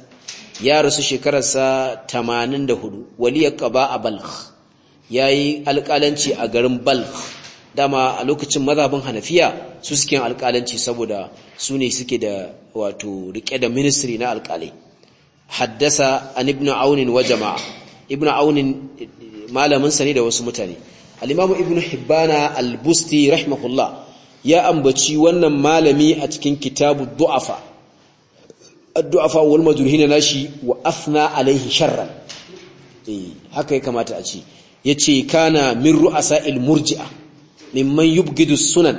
ya rasu shekararsa 84 waliya qaba balkh yayi alƙalanci a garin balkh dama a lokacin mazabin hanafiya su suke alƙalanci saboda su ne suke da wato rike da ministry na alƙalai haddasa an ibn aunin wa jama'a ibn aunin malamin sa ne da wasu mutane al-imamu ibn hibbana al-busti rahimahullah ya ambaci wannan malami a cikin kitabu du'afa ad-du'afa wal majruhin nashi wa afna alaihi sharran eh haka ya kamata a ce yace kana min ru'asa al-murji'a mimman yubgidu sunan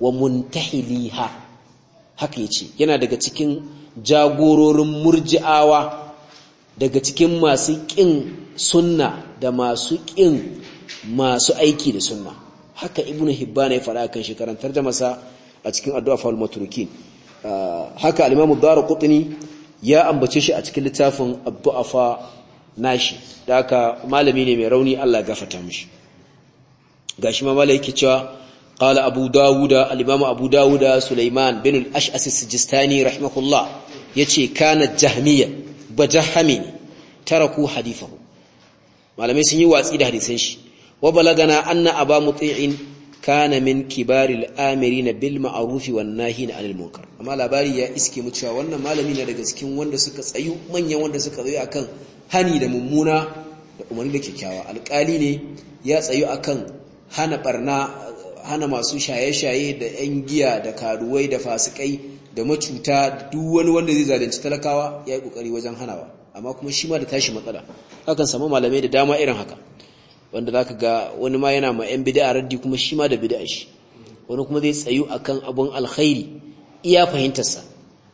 wa muntahiliha haka yace yana daga cikin jagororin murji'awa daga cikin masu kin sunna da masu kin masu aiki da sunna haka ibnu hibban ya fara kan shekaran tarjamasa a cikin addu'a faul Maturikin ah, haka al-imam ad-darqutni ya ambace shi a cikin littafin addu'afa nashi da malami ne mai rauni Allah ya gafarta mishi gashi ma malai yake cewa qala abu dawuda al-imam abu dawuda sulaiman bin al-ash'as as-sijistani rahimahullah yace kana jahmiya bajahami taraku hadithahu malamai sun yi watsi da hadisan shi wa balagana anna aba muti'in kana min kibaril amirina bil ma'ruf wan nahin 'anil munkar amma labari ya iske mu cewa wannan malami ne daga cikin wanda suka tsayu manyan wanda suka tsayu akan hani da mummuna da umarni da kyakkyawa alƙali ne ya tsayu akan hana barna hana masu shaye-shaye da 'yan giya da karuwai da fasikai da macuta duk wani wanda zai zalunci talakawa ya yi kokari wajen hanawa amma kuma shi ma da tashi matsala akan samu malamai da dama irin haka wanda za ka ga wani ma yana ma 'yan bid'a raddi kuma shi ma da bid'a shi wani kuma zai tsayu a kan abun alkhairi iya fahimtarsa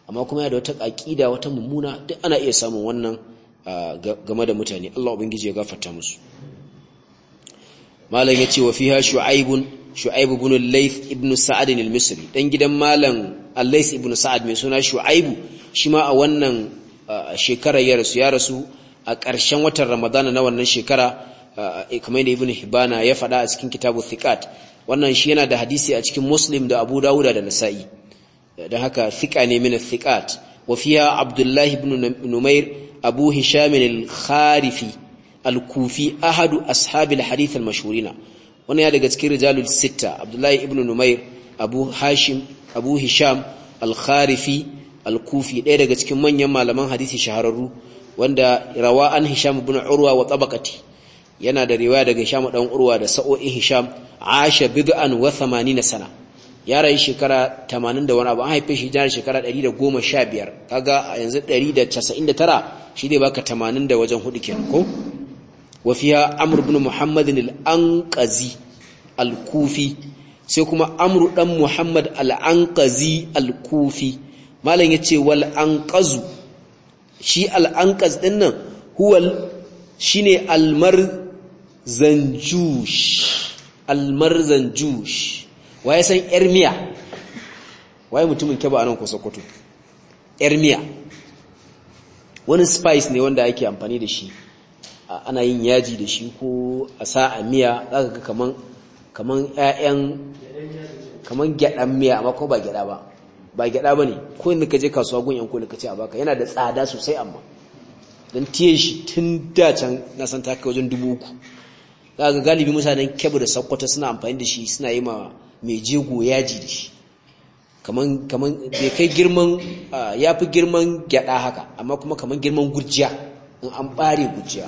amma kuma yana da wata aqida wata mummuna duk ana iya samun wannan ah, game da mutane Allah ubangiji ya gafarta musu malam ce wa fiha shu'aibun shu'aib ibn al-layth ibn sa'ad al-misri dan gidan malam al-layth ibn sa'ad mai suna Shu'aibu shi ma a wannan shekara ya rasu ya rasu a ƙarshen watan ramadana na wannan shekara kamar da ibn hibana ya faɗa a cikin kitabu thiqat wannan shi yana da hadisi a cikin muslim da abu dawuda da nasa'i da haka thiqa ne min thiqat wa fiha abdullah ibn numair abu hisham al-kharifi al-kufi ahadu ashabil hadith al-mashhurina wannan ya daga cikin rijalul sitta abdullahi ibn numair abu hashim abu hisham al-kharifi al-kufi ɗaya daga cikin manyan malaman hadisi shahararru wanda rawa an hisham ibn urwa wa tabaqati yana da riwaya daga hisham dan urwa da sa'o'in hisham asha bid'an wa 80 sana ya rayu shekara 80 da wani abu an haife shi jana shekara 115 kaga yanzu 199 shi dai baka 80 da wajen hudu kenan ko wafiya amur bin muhammadin al'anƙazi al-kufi sai kuma amur ɗan muhammad al'anƙazi al-kufi malam ya ce wal'anƙazu shi al'anƙaz ɗin nan huwal shi ne almarzanjush almarzanjush waye san ermiya waye mutumin kyaba a nan kusa kwato ermiya wani spice ne wanda ake amfani da shi ana yin yaji da shi ko a sa a miya za ka ga kaman ƴaƴan kaman miya amma ko ba gyaɗa ba ba gyaɗa ba ne ko inda ka je kasuwa gun yan da ka ce a baka yana da tsada sosai amma don tiye shi tun da can na san ta kai wajen dubu uku za ka galibi mutanen kebbi da sakkwata suna amfani da shi suna yi ma mai jego yaji da shi kaman kaman kai girman ya fi girman gyaɗa haka amma kuma kamar girman gurjiya in an ɓare gujiya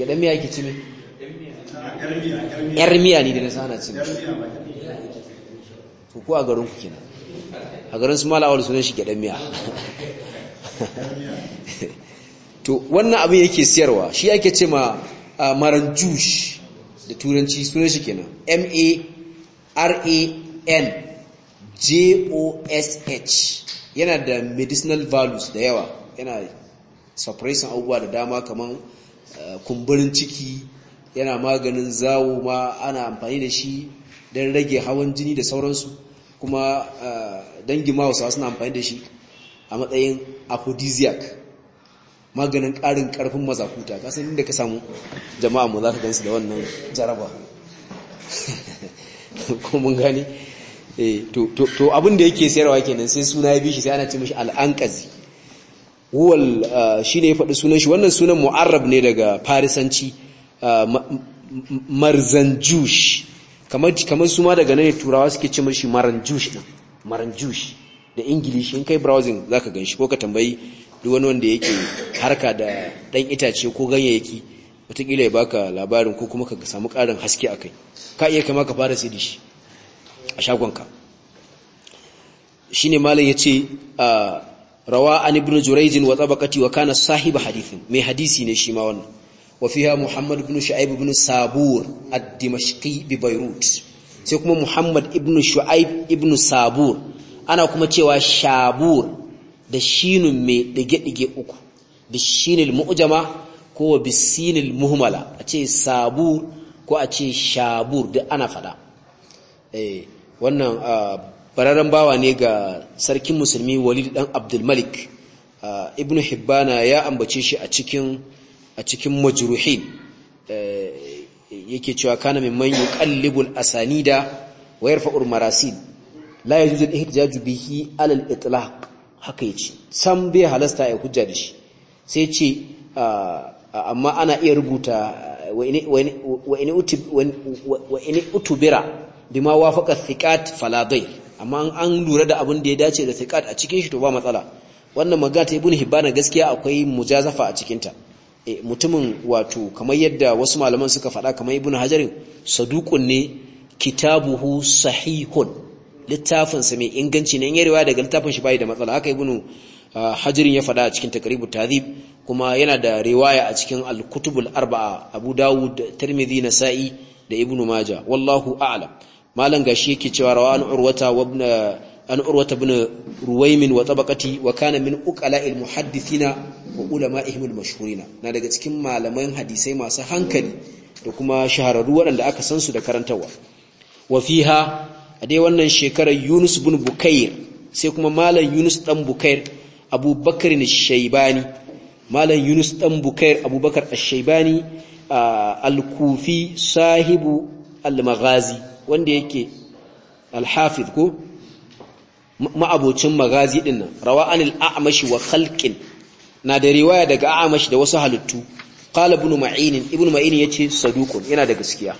gyaɗa miya yake cimi ne yar miya ne da na ana ci su ko a garin ku kenan a garin su mala awal sunan shi gyaɗan miya to wannan abin yake siyarwa shi yake ce ma jush da turanci sunan shi kenan m a r a n j o s h yana da medicinal values da yawa yana suppressing abubuwa da dama kaman Eh, kumburin ciki yana maganin zawo ma ana amfani da shi don rage hawan jini da sauransu kuma eh, dangi mawasa suna amfani da shi a matsayin aphrodisiac maganin ƙarin ƙarfin mazakuta kasan inda ka samu jama'a mu za ka gansu da wannan jaraba ko mun gani eh, to abin da yake sayarwa kenan sai suna ya bi shi sai ana ce mishi al'ankazi huwal ah, ne ya faɗi sunan shi wannan sunan mu'arrab ne daga farisanci ah, marzanjush kamar su ma daga nan turawa suke ce mashi maranjush ɗin maranjush da ingilishi in kai browsing zaka shi ko ka tambayi duk wani wanda yake harka da ɗan itace ko ganyayyaki watakila ya baka labarin ko kuma ka samu ƙarin haske a kai ka iya kama ka fara sai shi a shagonka shi ne malin ya ce ah, rawa an ibn jurayj wa tabaqati wa kana sahib hadith mai hadisi ne shi ma wannan wa fiha muhammad ibn shu'aib ibn sabur ad-dimashqi bi beirut sai kuma muhammad ibn shu'aib ibn sabur ana kuma cewa shabur da shinun me dige-dige uku bishinil mu'jama ko bisinil muhmala a ce sabur ko a ce shabur duk ana fada eh wannan ah, bararren bawa ne ga sarkin musulmi walid dan abdulmalik ah, ibn hibbana ya ambace shi a cikin a cikin majruhin eh, yake cewa kana min man yuqallibul asanida wa yarfa'ul marasid la yajuzu al-ihjaju bihi ala al-itlaq haka yace sam bai halasta ya hujja da shi sai ce ah, amma ana iya rubuta ah, wa ina utubira bima wafaqa thiqat faladai amma an lura da abin da ya dace da thiqat a cikin shi to ba matsala wannan magana ta ibn hibban gaskiya akwai mujazafa a cikin ta eh mutumin wato kamar yadda wasu malaman suka faɗa kamar ibn hajarin saduqun ne kitabuhu sahihun littafin sa mai inganci ne in ya riwaya daga littafin shi bai da matsala haka ibn ah, hajarin ya faɗa a cikin taqribu tadhib kuma yana da riwaya a cikin al-kutubul arba'a abu dawud tirmidhi nasa'i da ibn majah wallahu a'lam malam gashi yake cewa rawa an urwata wa an urwata ibn ruwaymin wa tabaqati wa kana min uqala'il muhaddithina wa ulama'ihim al na daga cikin malaman hadisai masu hankali da kuma shahararru waɗanda aka san su da karantawa wa fiha a dai wannan shekarar Yunus ibn Bukair sai kuma malam Yunus dan Bukair Abubakar al-Shaybani malam Yunus dan Bukair Abubakar al-Shaybani al-Kufi sahibu al-Maghazi wanda yake alhafiz ko ma'abocin magazi din rawa anil a'mashi wa khalqin na da riwaya daga a'mashi da wasu halittu qala ibn ma'in ibn ma'in yace sadukun yana da gaskiya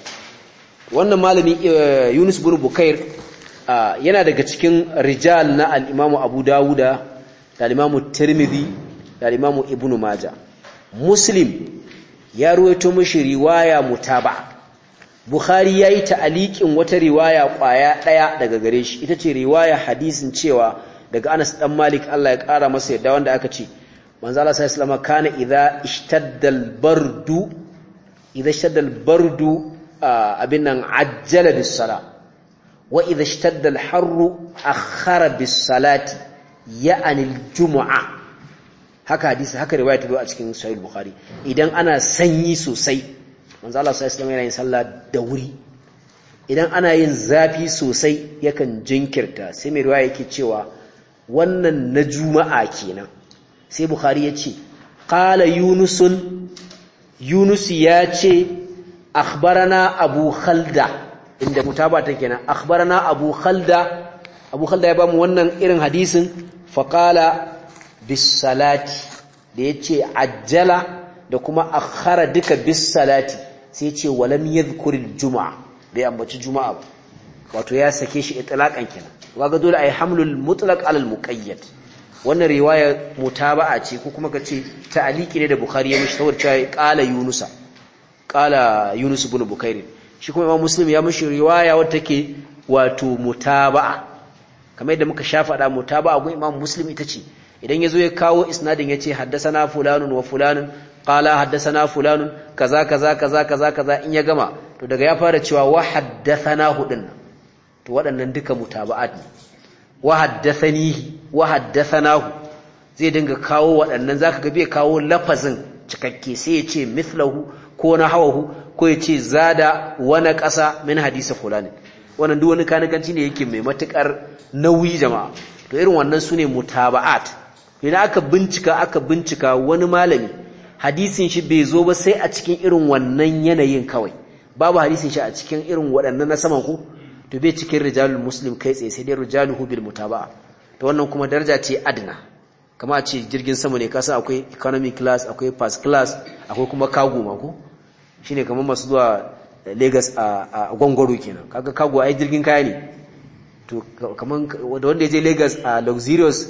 wannan malamin eh, Yunus ibn Bukair ah, yana daga cikin rijal na al imamu Abu Dawuda da al imamu Tirmidhi da al imamu Ibn Majah Muslim ya ruwaito mishi riwaya mutaba'a bukhari yayi ta'aliƙin wata riwaya kwaya ɗaya daga gare shi ita ce riwaya hadisin cewa daga Anas ɗan Malik Allah ya kara masa yadda wanda aka ce manzo Allah sallallahu alaihi kana idza ishtaddal bardu idza ishtadda bardu abin nan ajjala bis sala wa idza ishtadda harru akhara bis salati ya'ani al jumu'a haka hadisi haka riwaya ta zo a cikin sahih bukhari idan ana sanyi sosai manzo Allah sallallahu yana yin sallah da wuri idan ana yin zafi sosai yakan jinkirta sai mai ruwaya yake cewa wannan na juma'a kenan sai bukhari ya ce Kala yunusun yunus ya ce akhbarana abu khalda inda mutaba ta kenan akhbarana abu khalda abu khalda ya bamu wannan irin hadisin faqala bis salati da yace ajjala da kuma akhara duka bis salati sai ce walam yadhkuril juma'a bai ambaci juma'a ba wato ya sake shi itlaqan kenan ga dole ai hamlul mutlaq alal muqayyad wannan riwaya mutaba'a ce ko kuma kace ta'aliki ne da bukhari ya mishi tawar cewa kala yunusa kala yunus ibn bukair shi kuma imam muslim ya mishi riwaya wata take wato mutaba'a kamar yadda muka shafa da mutaba'a gun imam muslim ita ce idan ya zo ya kawo isnadin haddasa na fulanun wa fulanun qala haddathana fulanun kaza kaza kaza kaza kaza in ya gama to daga ya fara cewa wa haddathana hudin to waɗannan duka mutaba'at ne wa haddathanihi wa zai dinga kawo waɗannan zaka ga bai kawo lafazin cikakke sai ya ce mithlahu ko na hawahu ko ya ce zada wani ƙasa min hadisa fulani wannan duk wani kanikanci ne yake mai matukar nauyi jama'a to irin wannan sune mutaba'at ina aka bincika aka bincika wani malami hadisin shi bai zo ba sai a cikin irin wannan yanayin kawai babu hadisin shi a cikin irin waɗannan na saman ku to bai cikin rijalul muslim kai tsaye sai dai rijaluhu bil mutaba'a to wannan kuma daraja ce adna kama a ce jirgin sama ne kasa akwai economy class akwai first class akwai kuma kago ma ko shine kamar masu zuwa Lagos a gwangwaro kenan kaga kago ai jirgin kaya ne to kaman da wanda ya je Lagos a luxurious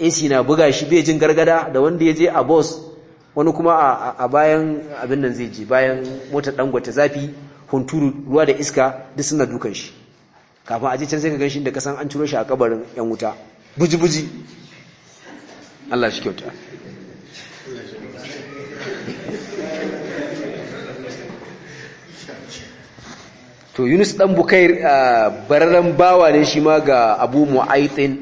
AC na buga shi bai jin gargada da wanda ya je a bus wani kuma a bayan abin nan zai je bayan motar dangwata zafi hunturu ruwa da iska duk suna dukan shi kafin a je can sai ka ganshi da kasan an ciro shi a kabarin yan wuta buji buji Allah shi kyauta to Yunus dan Bukair bararren bawa ne shi ma ga Abu mu'aitin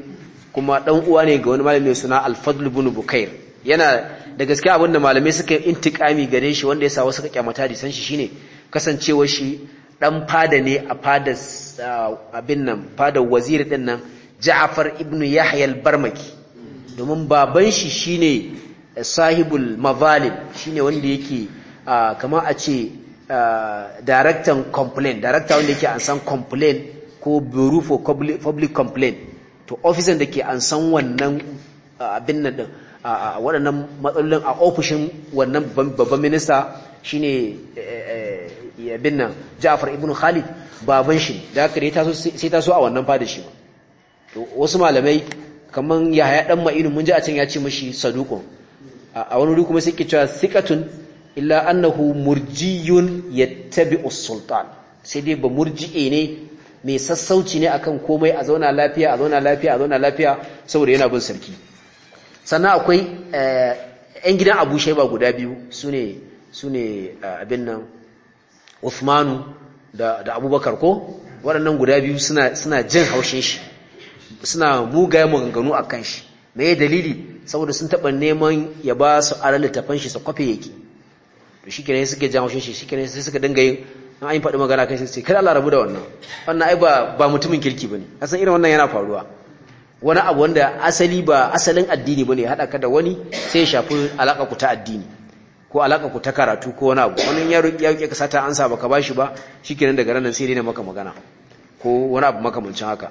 kuma dan uwa ne ga wani malami suna Al-Fadl ibn Bukair yana da gaske abinda malamai suka yi intikami gare shi wanda ya sa wasu kyamata da san shi shine kasancewar shi dan fada ne a fada abin nan fada wazir din nan Ja'far ibn Yahya al-Barmaki domin baban shi shine sahibul mazalim shine wanda yake kama a ce director complaint director wanda yake an san complaint ko bureau for public complaint to officer da ke an san wannan abin nan waɗannan matsalolin a ofishin wannan babban minista shine eh, eh, yabin nan Ja'far ibn Khalid baban shi da aka dai sai taso a wannan fada shi wasu malamai kaman haya ɗan Ma'inu mun ji a can ya ce mashi saduqun a wani wuri kuma sai ke cewa sikatun illa annahu murjiyun ya tabi sultan sai dai ba murji'e ne mai sassauci ne akan komai a zauna lafiya a zauna lafiya a zauna lafiya saboda yana bin sarki sannan akwai eh, yan gidan abu shaiba guda biyu su ne eh, abin nan uthmanu da abubakar ko waɗannan guda biyu suna jin haushin shi suna mugaye maganganu a kan shi mai yi dalili saboda sun taɓa neman ya ba su aran littafan shi su kwafe yake to shi kenan suke jan haushin shi shi kenan sai suka dinga yin an yi faɗi magana kan shi sai kada Allah rabu da wannan wannan ai ba mutumin kirki bane asan irin wannan yana faruwa wani abu wanda asali ba asalin addini bane hada ka da wani sai ya shafi alaka ku ta addini ko alaka ku ta karatu ko wani abu wani ya ruki ya ruki ka sata ansa baka bashi ba shikenan daga ranan sai dai maka magana ko wani abu maka makamancin haka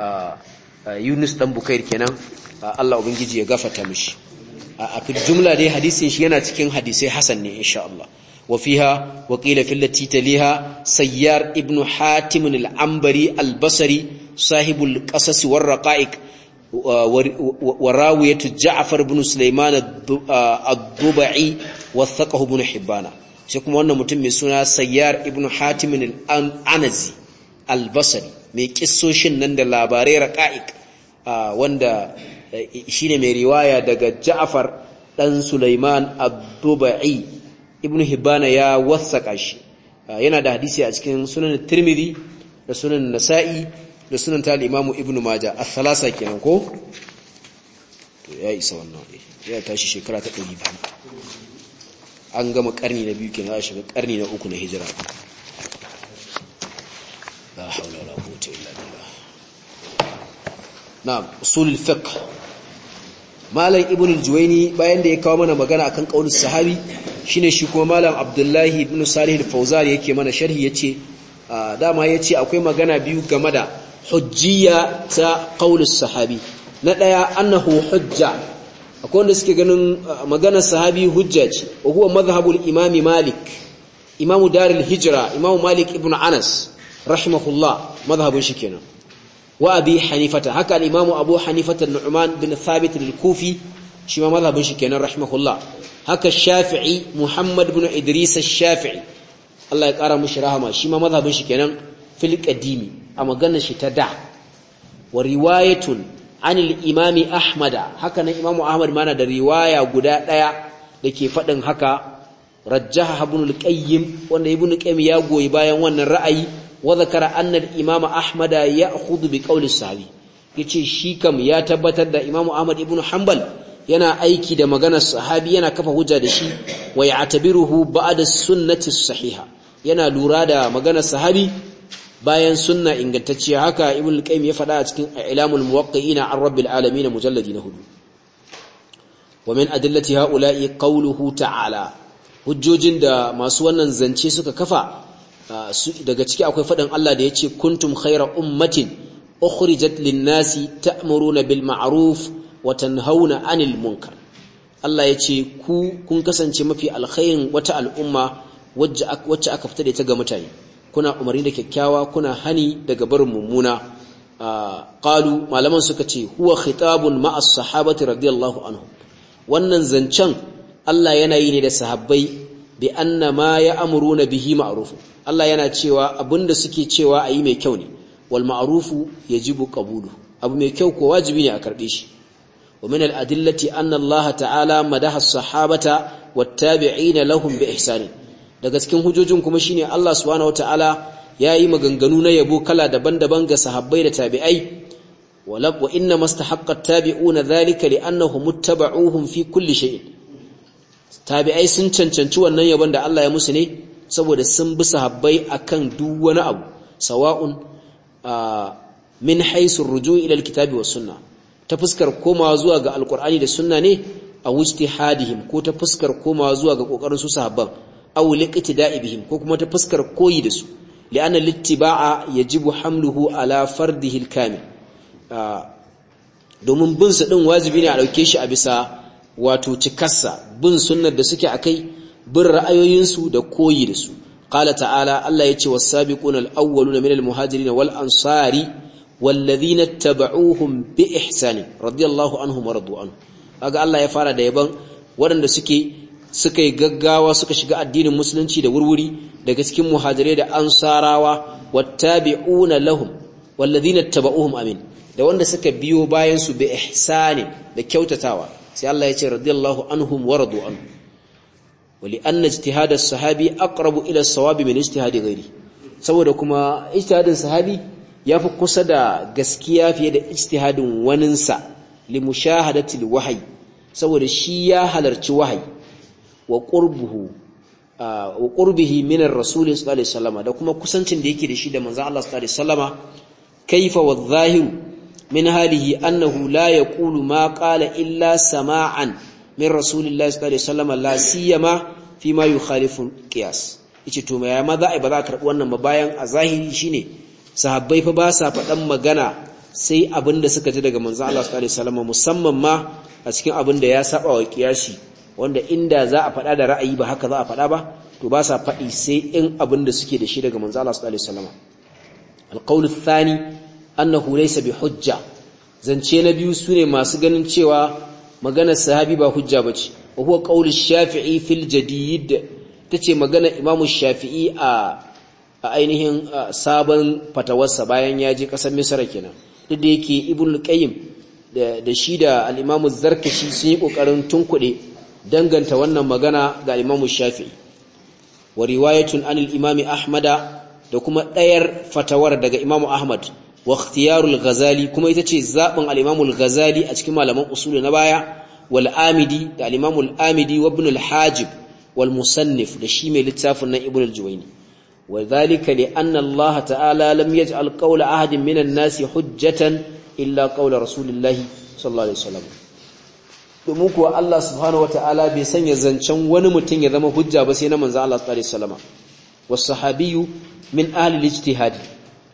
ah, ah, Yunus dan Bukair kenan ah, Allah ubangiji ya gafarta mishi a fil jumla dai hadisin shi yana cikin hadisai hasan ne insha Allah fil lati taliha sayyar ibnu hatim al-ambari al-basri sahibul qasas war raqaiq wa ja'far ibn sulaiman ad-dubai wa ibn hibban sai kuma wannan mutum mai suna sayyar ibn hatim al-anazi al-basri mai kissoshin nan da labarai raqaiq wanda e, shine mai riwaya daga ja'far dan sulaiman ad-dubai ibn hibban ya wasaka shi yana da hadisi a cikin sunan tirmidhi da sunan nasa'i da sunan ta al-imamu ibnu maja al-thalasa kenan ko to ya isa wannan eh, ya tashi shekara ta 200 an gama karni na biyu kenan a shiga karni na uku na hijira la hawla wala quwwata illa billah na usul al-fiqh malam ibn al-juwayni bayan da ya kawo mana magana akan qaulul sahabi shine shi kuma malam abdullahi ibn salih al-fawzan yake mana sharhi yace dama yace akwai magana biyu game da hujjiya ta qaulus sahabi na daya annahu hujja akwai wanda suke ganin uh, maganar sahabi hujja ce wa huwa madhhabul imami malik imamu daril hijira imamu malik ibn anas rahimahullah madhhabun shi kenan wa abi hanifata haka imamu abu hanifata nu'man bin thabit al-kufi shi ma madhhabun shi kenan rahimahullah haka shafi'i muhammad ibn idris ash-shafi'i Allah ya kara mushi rahama shi ma madhhabun shi kenan fil qadimi a maganar shi ta da wa riwayatun anil imami ahmada haka nan imamu ahmad mana da riwaya guda daya dake fadin haka rajjaha ibn al-qayyim wanda ibn qayyim ya goyi bayan wannan ra'ayi wa zakara anna al-imam ahmad ya'khudhu bi qawli sahabi yace shi kam ya tabbatar da imamu ahmad ibn hanbal yana aiki da maganar sahabi yana kafa hujja da shi wa ya'tabiruhu ba'da sunnati sahiha yana lura da maganar sahabi bayan sunna ingantacciya haka ibn al-qayyim ya faɗa a cikin ilamul muwaqqi'ina an rabbil alamin mujalladi na hudu wa min adillati haula'i qawluhu ta'ala hujjojin da masu wannan zance suka kafa daga ciki akwai faɗin Allah da yace kuntum khayra ummatin ukhrijat lin-nasi ta'muruna bil ma'ruf wa tanhauna 'anil munkar Allah yace ku kun kasance mafi alkhairin wata al'umma wacce aka fita da ita ga mutane kuna umarni da kyakkyawa kuna hani daga barin mummuna qalu malaman suka ce huwa khitabun ma'a sahabati radiyallahu anhu wannan zancen Allah yana yi ne da sahabbai bi anna ma ya'muruna bihi ma'ruf Allah yana cewa abinda suke cewa ayi mai kyau ne wal ma'rufu yajibu qabulu abu mai kyau ko wajibi ne a karbe shi wa min al adillati anna Allah ta'ala madaha as-sahabata wat tabi'ina lahum bi ihsanin daga cikin hujojin kuma shine Allah subhanahu wataala yi maganganu na yabo kala daban-daban ga sahabbai da tabi'ai walab wa inna mastahaqqa at-tabi'una dhalika li'annahum muttaba'uhum fi kulli shay'in tabi'ai sun cancanci wannan yabon da Allah ya musu ne saboda sun bi sahabbai akan duk wani abu sawa'un min haythu ar-ruju' ila al-kitabi was-sunnah ta fuskar komawa zuwa ga alqur'ani da sunna ne a wujtihadihim ko ta fuskar komawa zuwa ga kokarin su sahabban aw liqtida'i bihim ko kuma ta fuskar koyi da su li'anna littiba'a yajibu hamluhu ala fardihi al-kamil ah, domin bin su din wajibi ne a dauke shi a bisa wato cikarsa bin sunnar da suke akai bin ra'ayoyinsu da koyi da su qala ta'ala Allah yace was-sabiquna al-awwaluna minal muhajirin wal-ansari والذين اتبعوهم bi رضي الله anhu ورضوا anhu kaga Allah ya fara da yaban waɗanda suke suka yi gaggawa suka shiga addinin musulunci da wurwuri daga cikin muhajirai da ansarawa wattabi'una lahum walladhina tabauhum amin da wanda suka biyo bayan su bi ihsani da kyautatawa sai Allah ya ce radiyallahu anhum wa radu an wali anna ijtihad as-sahabi aqrabu ila as-sawabi min ijtihad ghairi saboda kuma ijtihadin sahabi yafi kusa da gaskiya fiye da ijtihadin waninsa li mushahadati al-wahyi saboda shi ya halarci wahai. wa qurbuhu wa qurbihi min ar-rasul sallallahu alaihi wasallam da kuma kusancin da yake da shi da manzo Allah sallallahu alaihi wasallam kaifa wadh-dhahiru min halihi annahu la yaqulu ma qala illa sama'an min rasulillahi sallallahu alaihi wasallam la siyama fi ma yukhalifu qiyas yace to mai ma za a ba za a karbi wannan ba bayan a zahiri shine sahabbai fa ba sa faɗan magana sai abinda suka ji daga manzo Allah sallallahu alaihi wasallam musamman ma a cikin abinda ya saba wa kiyashi wanda inda za a faɗa da ra'ayi ba haka za a faɗa ba to ba sa faɗi sai in abin da suke da shi daga manzo Allah sallallahu alaihi wasallam alqawl athani annahu laysa bihujja zance na biyu sune masu ganin cewa maganar sahabi ba hujja bace wa huwa qawl shafii fil jadid tace magana imam shafii a ainihin sabon fatawarsa bayan ya je kasar Misra kenan duk da yake ibn qayyim da shi da al-imam zarkashi sun yi kokarin tunkuɗe danganta wannan magana ga Imam Shafi'i wa riwayatun anil Imam Ahmada da kuma ɗayar fatawar daga Imam Ahmad wa ikhtiyarul Ghazali kuma ita ce zaɓin al-Imam al-Ghazali a cikin malaman usuli na baya wal Amidi da al-Imam al-Amidi wa Ibn al-Hajib wal Musannif da shi mai littafin nan Ibn al-Juwayni wa dhalika li anna Allah ta'ala lam yaj'al qawla ahadin minan nasi hujjatan illa qawla rasulillahi sallallahu alaihi wasallam domin kuwa Allah subhanahu wataala bai sanya zancen wani mutum ya zama hujja ba sai na manzo Allah sallallahu alaihi wasallam was min ahli al-ijtihad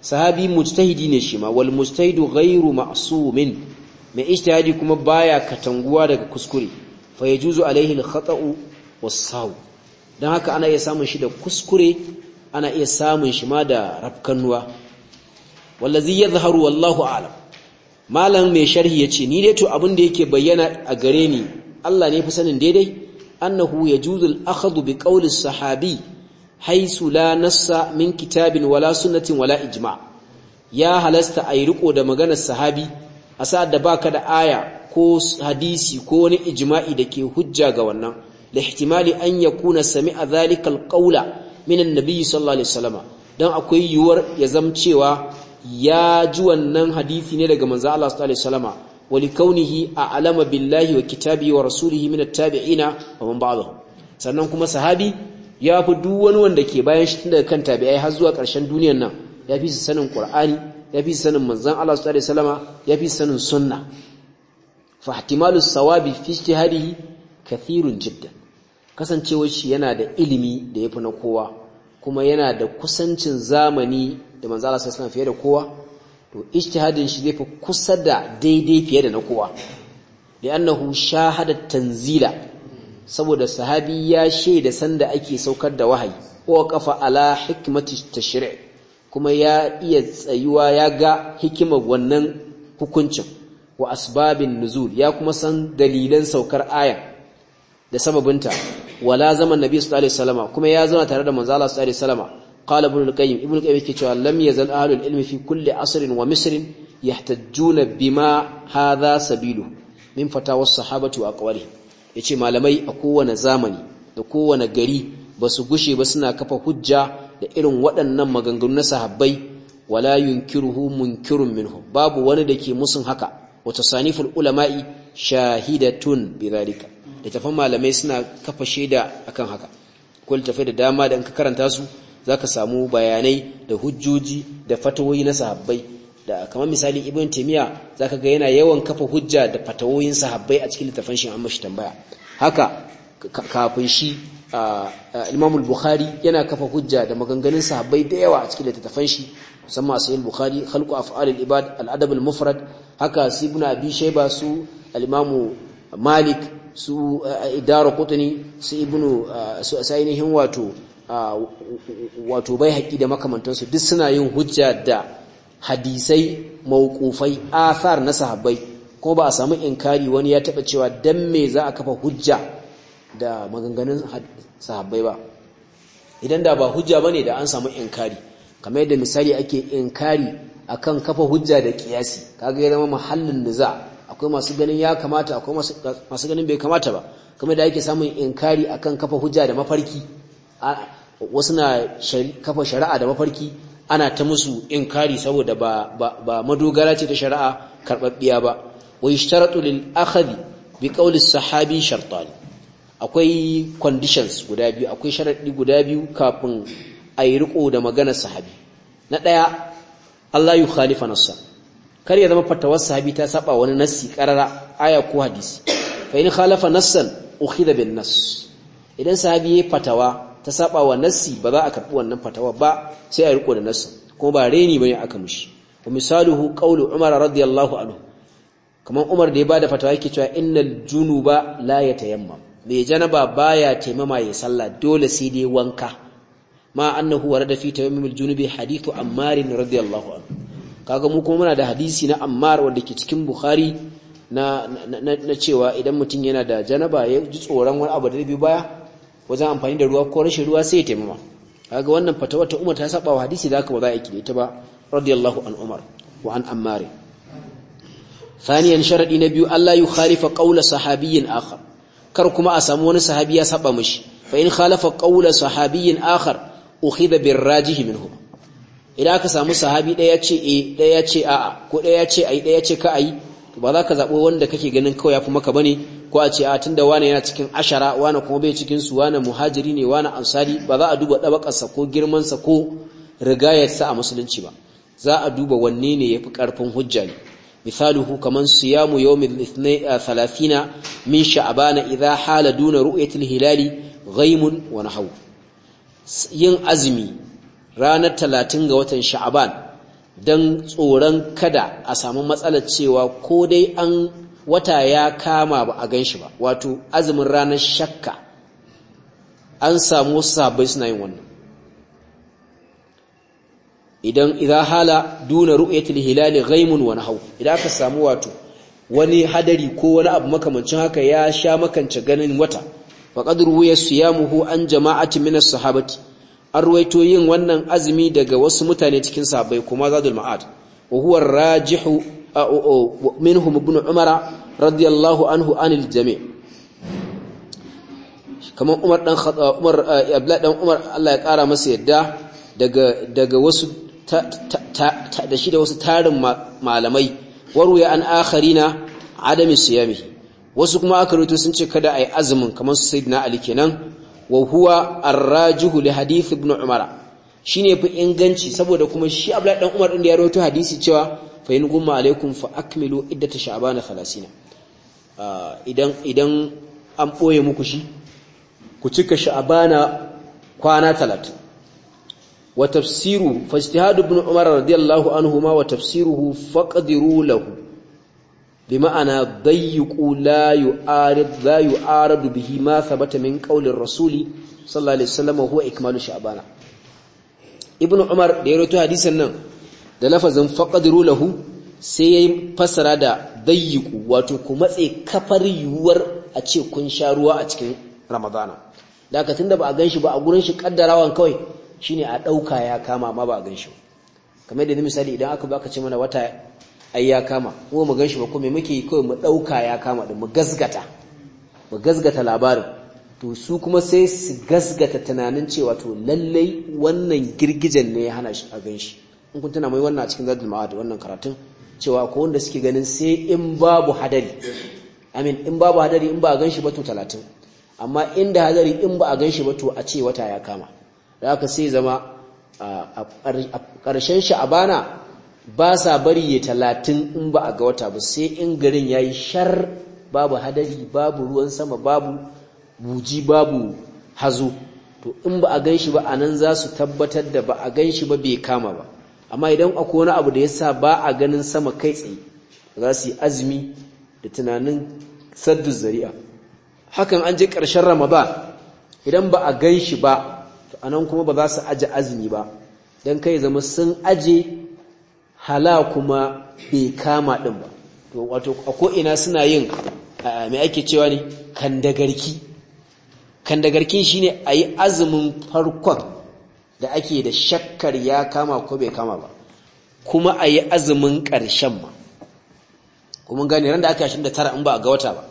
sahabi mujtahidi ne shi ma wal mujtahidu ghayru ma'sumin mai ijtihadi kuma baya katanguwa daga kuskure fa yajuzu alaihi al-khata'u was-saw dan haka ana iya samun shi da kuskure ana iya samun shi ma da rafkanuwa wallazi yadhharu wallahu a'lam malam mai sharhi yace ni dai to abin da yake bayyana a gare ni Allah ne fi sanin daidai annahu ya al-akhdhu bi qawli sahabi haisu la nassa min kitabin wala sunnatin wala ijma ya halasta ayi riko da maganar sahabi a sa da baka da aya ko hadisi ko wani ijma'i da ke hujja ga wannan da ihtimali an yakuna sami'a dhalika al-qawla min an-nabi sallallahu alaihi wasallam dan akwai yuwar ya zamcewa ya ji wannan hadisi ne daga manzo Allah sallallahu alaihi wasallama wa a a'lama billahi wa kitabi wa rasulihi min at-tabi'ina wa man sannan kuma sahabi ya fi duk wani wanda ke bayan shi tun daga kan tabi'ai har zuwa ƙarshen duniyar nan ya fi su sanin qur'ani ya fi sanin manzon Allah sallallahu alaihi ya fi sanin sunna fa ihtimalus sawabi fi ijtihadihi kathirun jiddan kasancewar shi yana da ilimi da yafi na kowa kuma yana da kusancin zamani da manzo Allah sallallahu alaihi fiye da kowa to ijtihadin shi zai fi kusa da daidai fiye da na kowa li'annahu shahada tanzila saboda sahabi ya shaida sanda ake saukar da wahayi ko kafa ala hikmati tashri' kuma ya iya tsayuwa ya ga hikimar wannan hukuncin wa asbabin nuzul ya kuma san dalilan saukar aya da sababinta wala zaman nabi sallallahu alaihi wasallama kuma ya zama tare da manzo Allah sallallahu alaihi wasallama qala ibn al-qayyim ibn al-qayyim yake cewa lam yazal ahlul ilmi fi kulli asrin wa misrin yahtajjuna bima hadha sabilu min fatawa sahabatu aqwali yace malamai a kowane zamani da kowane gari ba su gushe ba suna kafa hujja da irin waɗannan maganganu na sahabbai wala yunkiruhu munkirun minhu babu wani da ke musun haka wato saniful ulama'i shahidatun bidhalika littafan malamai suna kafa shaida akan haka ko littafai da dama da in ka karanta su zaka samu bayanai da hujjoji da fatawoyi na sahabbai da kamar misali ibn taymiya zaka ga yana yawan kafa hujja da fatawoyin sahabbai a cikin littafin shi an mashi tambaya haka kafin shi Imam al-Bukhari yana kafa hujja da maganganun sahabbai da yawa a cikin littafin shi musamman sahih al-Bukhari khalqu af'al al-ibad al al-mufrad haka si ibn abi shayba su al-Imam Malik su idara qutni su ibnu su ainihin wato wato bai haƙi da makamantansu duk suna yin hujja da hadisai mawqufai athar na sahabbai ko ba a samu inkari wani ya taba cewa dan me za a kafa hujja da maganganun sahabbai ba idan da ba hujja ba ne da an samu inkari kamar yadda misali ake inkari kan kafa hujja da kiyasi kaga ya zama da za, akwai masu ganin ya kamata akwai masu ganin bai kamata ba kamar da ake samun inkari kan kafa hujja da mafarki wasu na kafa shari'a da mafarki ana ta musu inkari saboda ba madogara ce ta shari'a karbabbiya ba Wai shtaratu lil akhadhi bi qawli sahabi shartan akwai conditions guda biyu akwai sharadi guda biyu kafin ayi riko da magana sahabi na daya Allah yu khalifa nassa kar ya zama fatawar sahabi ta saba wani nassi karara aya ko hadisi fa in khalafa nassan ukhidha bin nass idan sahabi ya fatawa ta saba wa nassi ba za a karbi wannan fatawa ba sai a riko da nassi kuma ba reni bane aka mushi wa misaluhu qaulu umar radiyallahu anhu kaman umar da ya bada fatawa yake cewa innal junuba la yatayammam me janaba baya taimama ya sallah dole sai dai wanka ma annahu warada fi tayammumil junubi hadithu ammar radiyallahu anhu kaga mu kuma muna da hadisi na ammar wanda ke cikin bukhari na cewa idan mutum yana da janaba ya ji tsoron wani abu da biyu baya wajen amfani da ruwa ko rashin ruwa sai ya taimama kaga wannan fatawa ta Umar ta saba wa hadisi da haka ba za a kire ta ba radiyallahu an Umar wa an Ammar na biyu allah الله يخالف قول صحابي akhar kar kuma a samu wani sahabi ya saba mishi fa in khalafa qawla sahabiyyin akhar ukhidha birrajihi minhu idan aka samu sahabi daya ce eh daya ce a'a ko daya ce ai daya ce ka ai ba za ka zaɓo wanda kake ganin kawai ya fi maka ne ko a ce a tunda wane yana cikin ashara wane kuma bai cikin su wane muhajiri ne wane ansari ba za a duba ɗabakarsa ko girmansa ko rigayarsa a musulunci ba za a duba wanne ne ya fi ƙarfin hujja ne misaluhu kaman siyamu yawmin thalathina min sha'abana idha hala duna ru'yatil hilali ghaimun wa hau. yin azumi ranar talatin ga watan sha'aban don tsoron kada a samu matsalar cewa ko dai an wata ya kama ba a gan shi ba wato azumin ranar shakka an samu sabai suna yin wannan idan idan hala duna ru'yatil hilal ghaimun wa hau. idan aka samu wato wani hadari ko wani abu makamancin haka ya sha makance ganin wata faqad ruwiya siyamuhu an jama'ati min as-sahabati an ruwaito yin wannan azumi daga wasu mutane cikin sabai kuma zadul ma'ad wa huwa rajihu minhum ibn umara radiyallahu anhu anil jami' kamar umar dan uh, umar uh, abdullah dan umar Allah ya kara masa yadda daga daga wasu da shi da wasu tarin malamai waruya an akharina adami siyami wasu kuma aka rubuto sun ce kada ai azumin kamar su sayyidina ali kenan wa huwa arrajihu li hadith ibn umara shine fi inganci saboda kuma shi abla dan Umar din da ya rawaito hadisi cewa fa in gumma alaikum fa akmilu iddat sha'ban 30 ah, idan idan an boye muku shi ku cika sha'bana kwana 30 wa tafsiru fajtihad ibn umar radiyallahu anhu ma wa tafsiruhu faqdiru lahu bima'ana ma'ana dayyuqu la yu'arid la yu'aradu bihi ma thabata min rasuli sallallahu alaihi wasallam huwa ikmalu sha'bana ibnu umar da ya rawaito hadisin nan da lafazin faqadru lahu sai yayi fasara da bayyiku wato ku matse kafar yuwar a ce kun sha ruwa a cikin ramadana da ka tunda ba a ganshi ba a gurin shi kaddarawan kawai shine a dauka ya kama ma ba a ganshi kamar da misali idan aka baka ce mana wata ai ya kama kuma mu ganshi ba kuma muke yi kawai mu dauka ya kama din mu gasgata mu gasgata labarin to su kuma sai su gasgata tunanin cewa to lallai wannan girgijen ne ya hana shi a ganshi in kun tana mai wannan a cikin zadul ma'ad wannan karatun cewa ko wanda suke ganin sai in babu hadari amin in babu hadari in ba a ganshi ba to 30 amma inda hadari in ba a ganshi ba to a ce wata ya kama da haka sai zama a ƙarshen sha'abana ba sa bari ya talatin in ba a ga wata ba sai in garin ya yi shar babu hadari babu ruwan sama babu buji babu hazo to in ba a gan shi ba a nan za su tabbatar da ba a gan shi ba bai kama ba amma idan akwai wani abu da ya sa ba a ganin sama kai tsaye za su yi azumi da tunanin saddu zari'a hakan an je ƙarshen ramadan idan ba a gan shi ba to nan kuma ba za su aje azumi ba don kai zama sun aje hala kuma bai kama ɗin ba to wato a ko ina suna yin mai ake cewa ne kandagarki kandagarkin a yi azumin farkon da ake da shakkar ya kama ko bai kama ba kuma a yi azumin ƙarshen ma kuma gane ran da aka tara in ba a ga wata ba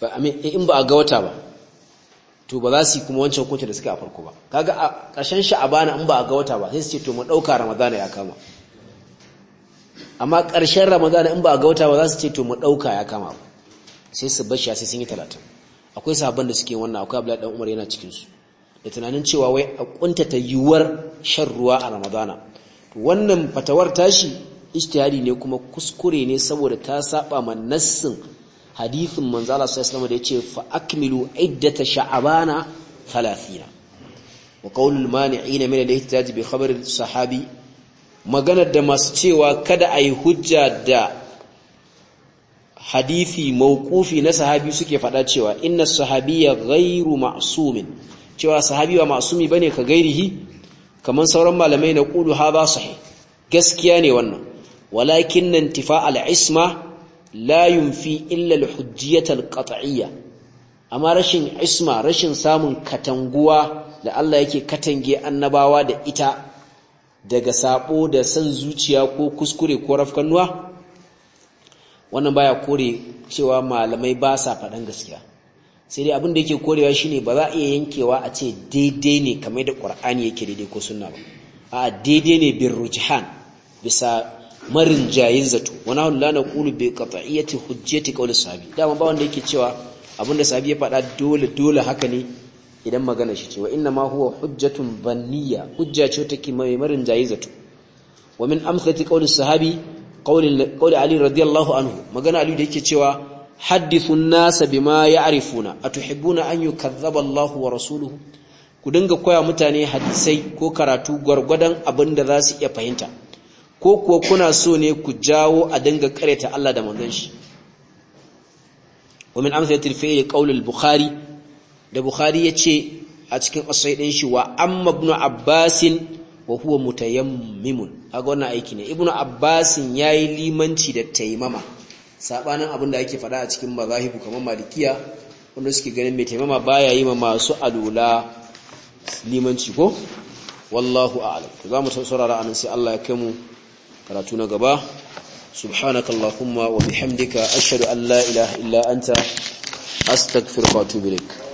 ba in ba a ga wata ba to ba za su kuma wancan hukuncin da suka a farko ba kaga a ƙarshen sha'abana in ba a ga wata ba sai su ce to mu ɗauka ramadana ya kama amma ƙarshen ramadana in ba a ga wata ba za su ce to mu ɗauka ya kama sai su bashi sai sun yi talatin akwai sabon da suke wannan akwai abdullahi dan umar yana cikin su da tunanin cewa wai a kuntata yiwuwar shan ruwa a ramadana wannan fatawar tashi ijtihadi ne kuma kuskure ne saboda ta saba ma nassin hadisin manzo Allah sallallahu alaihi da yace fa akmilu iddata sha'abana 30 wa qawlul mani'in min al-ihtijaj bi khabar sahabi maganar da masu cewa kada ayi hujja da hadisi mauqufi na sahabi suke fada cewa inna sahabiyya ghairu ma'sumin cewa sahabi ba ma'sumi bane ka gairihi kaman sauran malamai na qulu ha ba sahih gaskiya ne wannan walakin intifa al-isma la yunfi illa al-hujjiyat al amma rashin isma rashin samun katanguwa da Allah yake katange annabawa da ita daga sabo da san zuciya ko kuskure ko rafkanuwa wannan baya kore cewa malamai ba sa faɗan gaskiya sai dai abin da yake korewa shine ba za a iya yankewa a ce daidai ne kamar da Qur'ani yake daidai ko sunna ba a daidai ne bin rujhan bisa marinjayin zato wani hula na kulu bai kafa'iyyati hujjati kawai sahabi dama ba wanda yake cewa abinda sahabi ya faɗa dole dole haka ne idan magana shi ce wa inna ma huwa hujjatun banniya hujja ce take mai marinjayin zato wa min amsati qawli sahabi qawli ali radiyallahu anhu magana ali da yake cewa haddithun nasa bima ya'rifuna atuhibbuna an yukazzaba Allahu wa rasuluhu ku dinga koya mutane hadisai ko karatu gwargwadon abin da za su iya fahimta ko kuwa kuna so ne ku jawo a dinga karyata Allah da manzon shi wa min amsalatil fi'li qawl al-bukhari da bukhari yace a cikin asai din shi wa amma ibn abbasin wa huwa mutayammimun kaga wannan aiki ne ibn abbasin yayi limanci da taimama sabanin abin da yake faɗa a cikin mazahibu kamar malikiya wanda suke ganin mai taimama baya yi ma masu alula limanci ko wallahu a'lam to zamu saurara anan sai Allah ya kai mu karatu na gaba subhanaka allahumma wa bihamdika ashhadu an la ilaha illa anta astaghfiruka wa atubu ilaik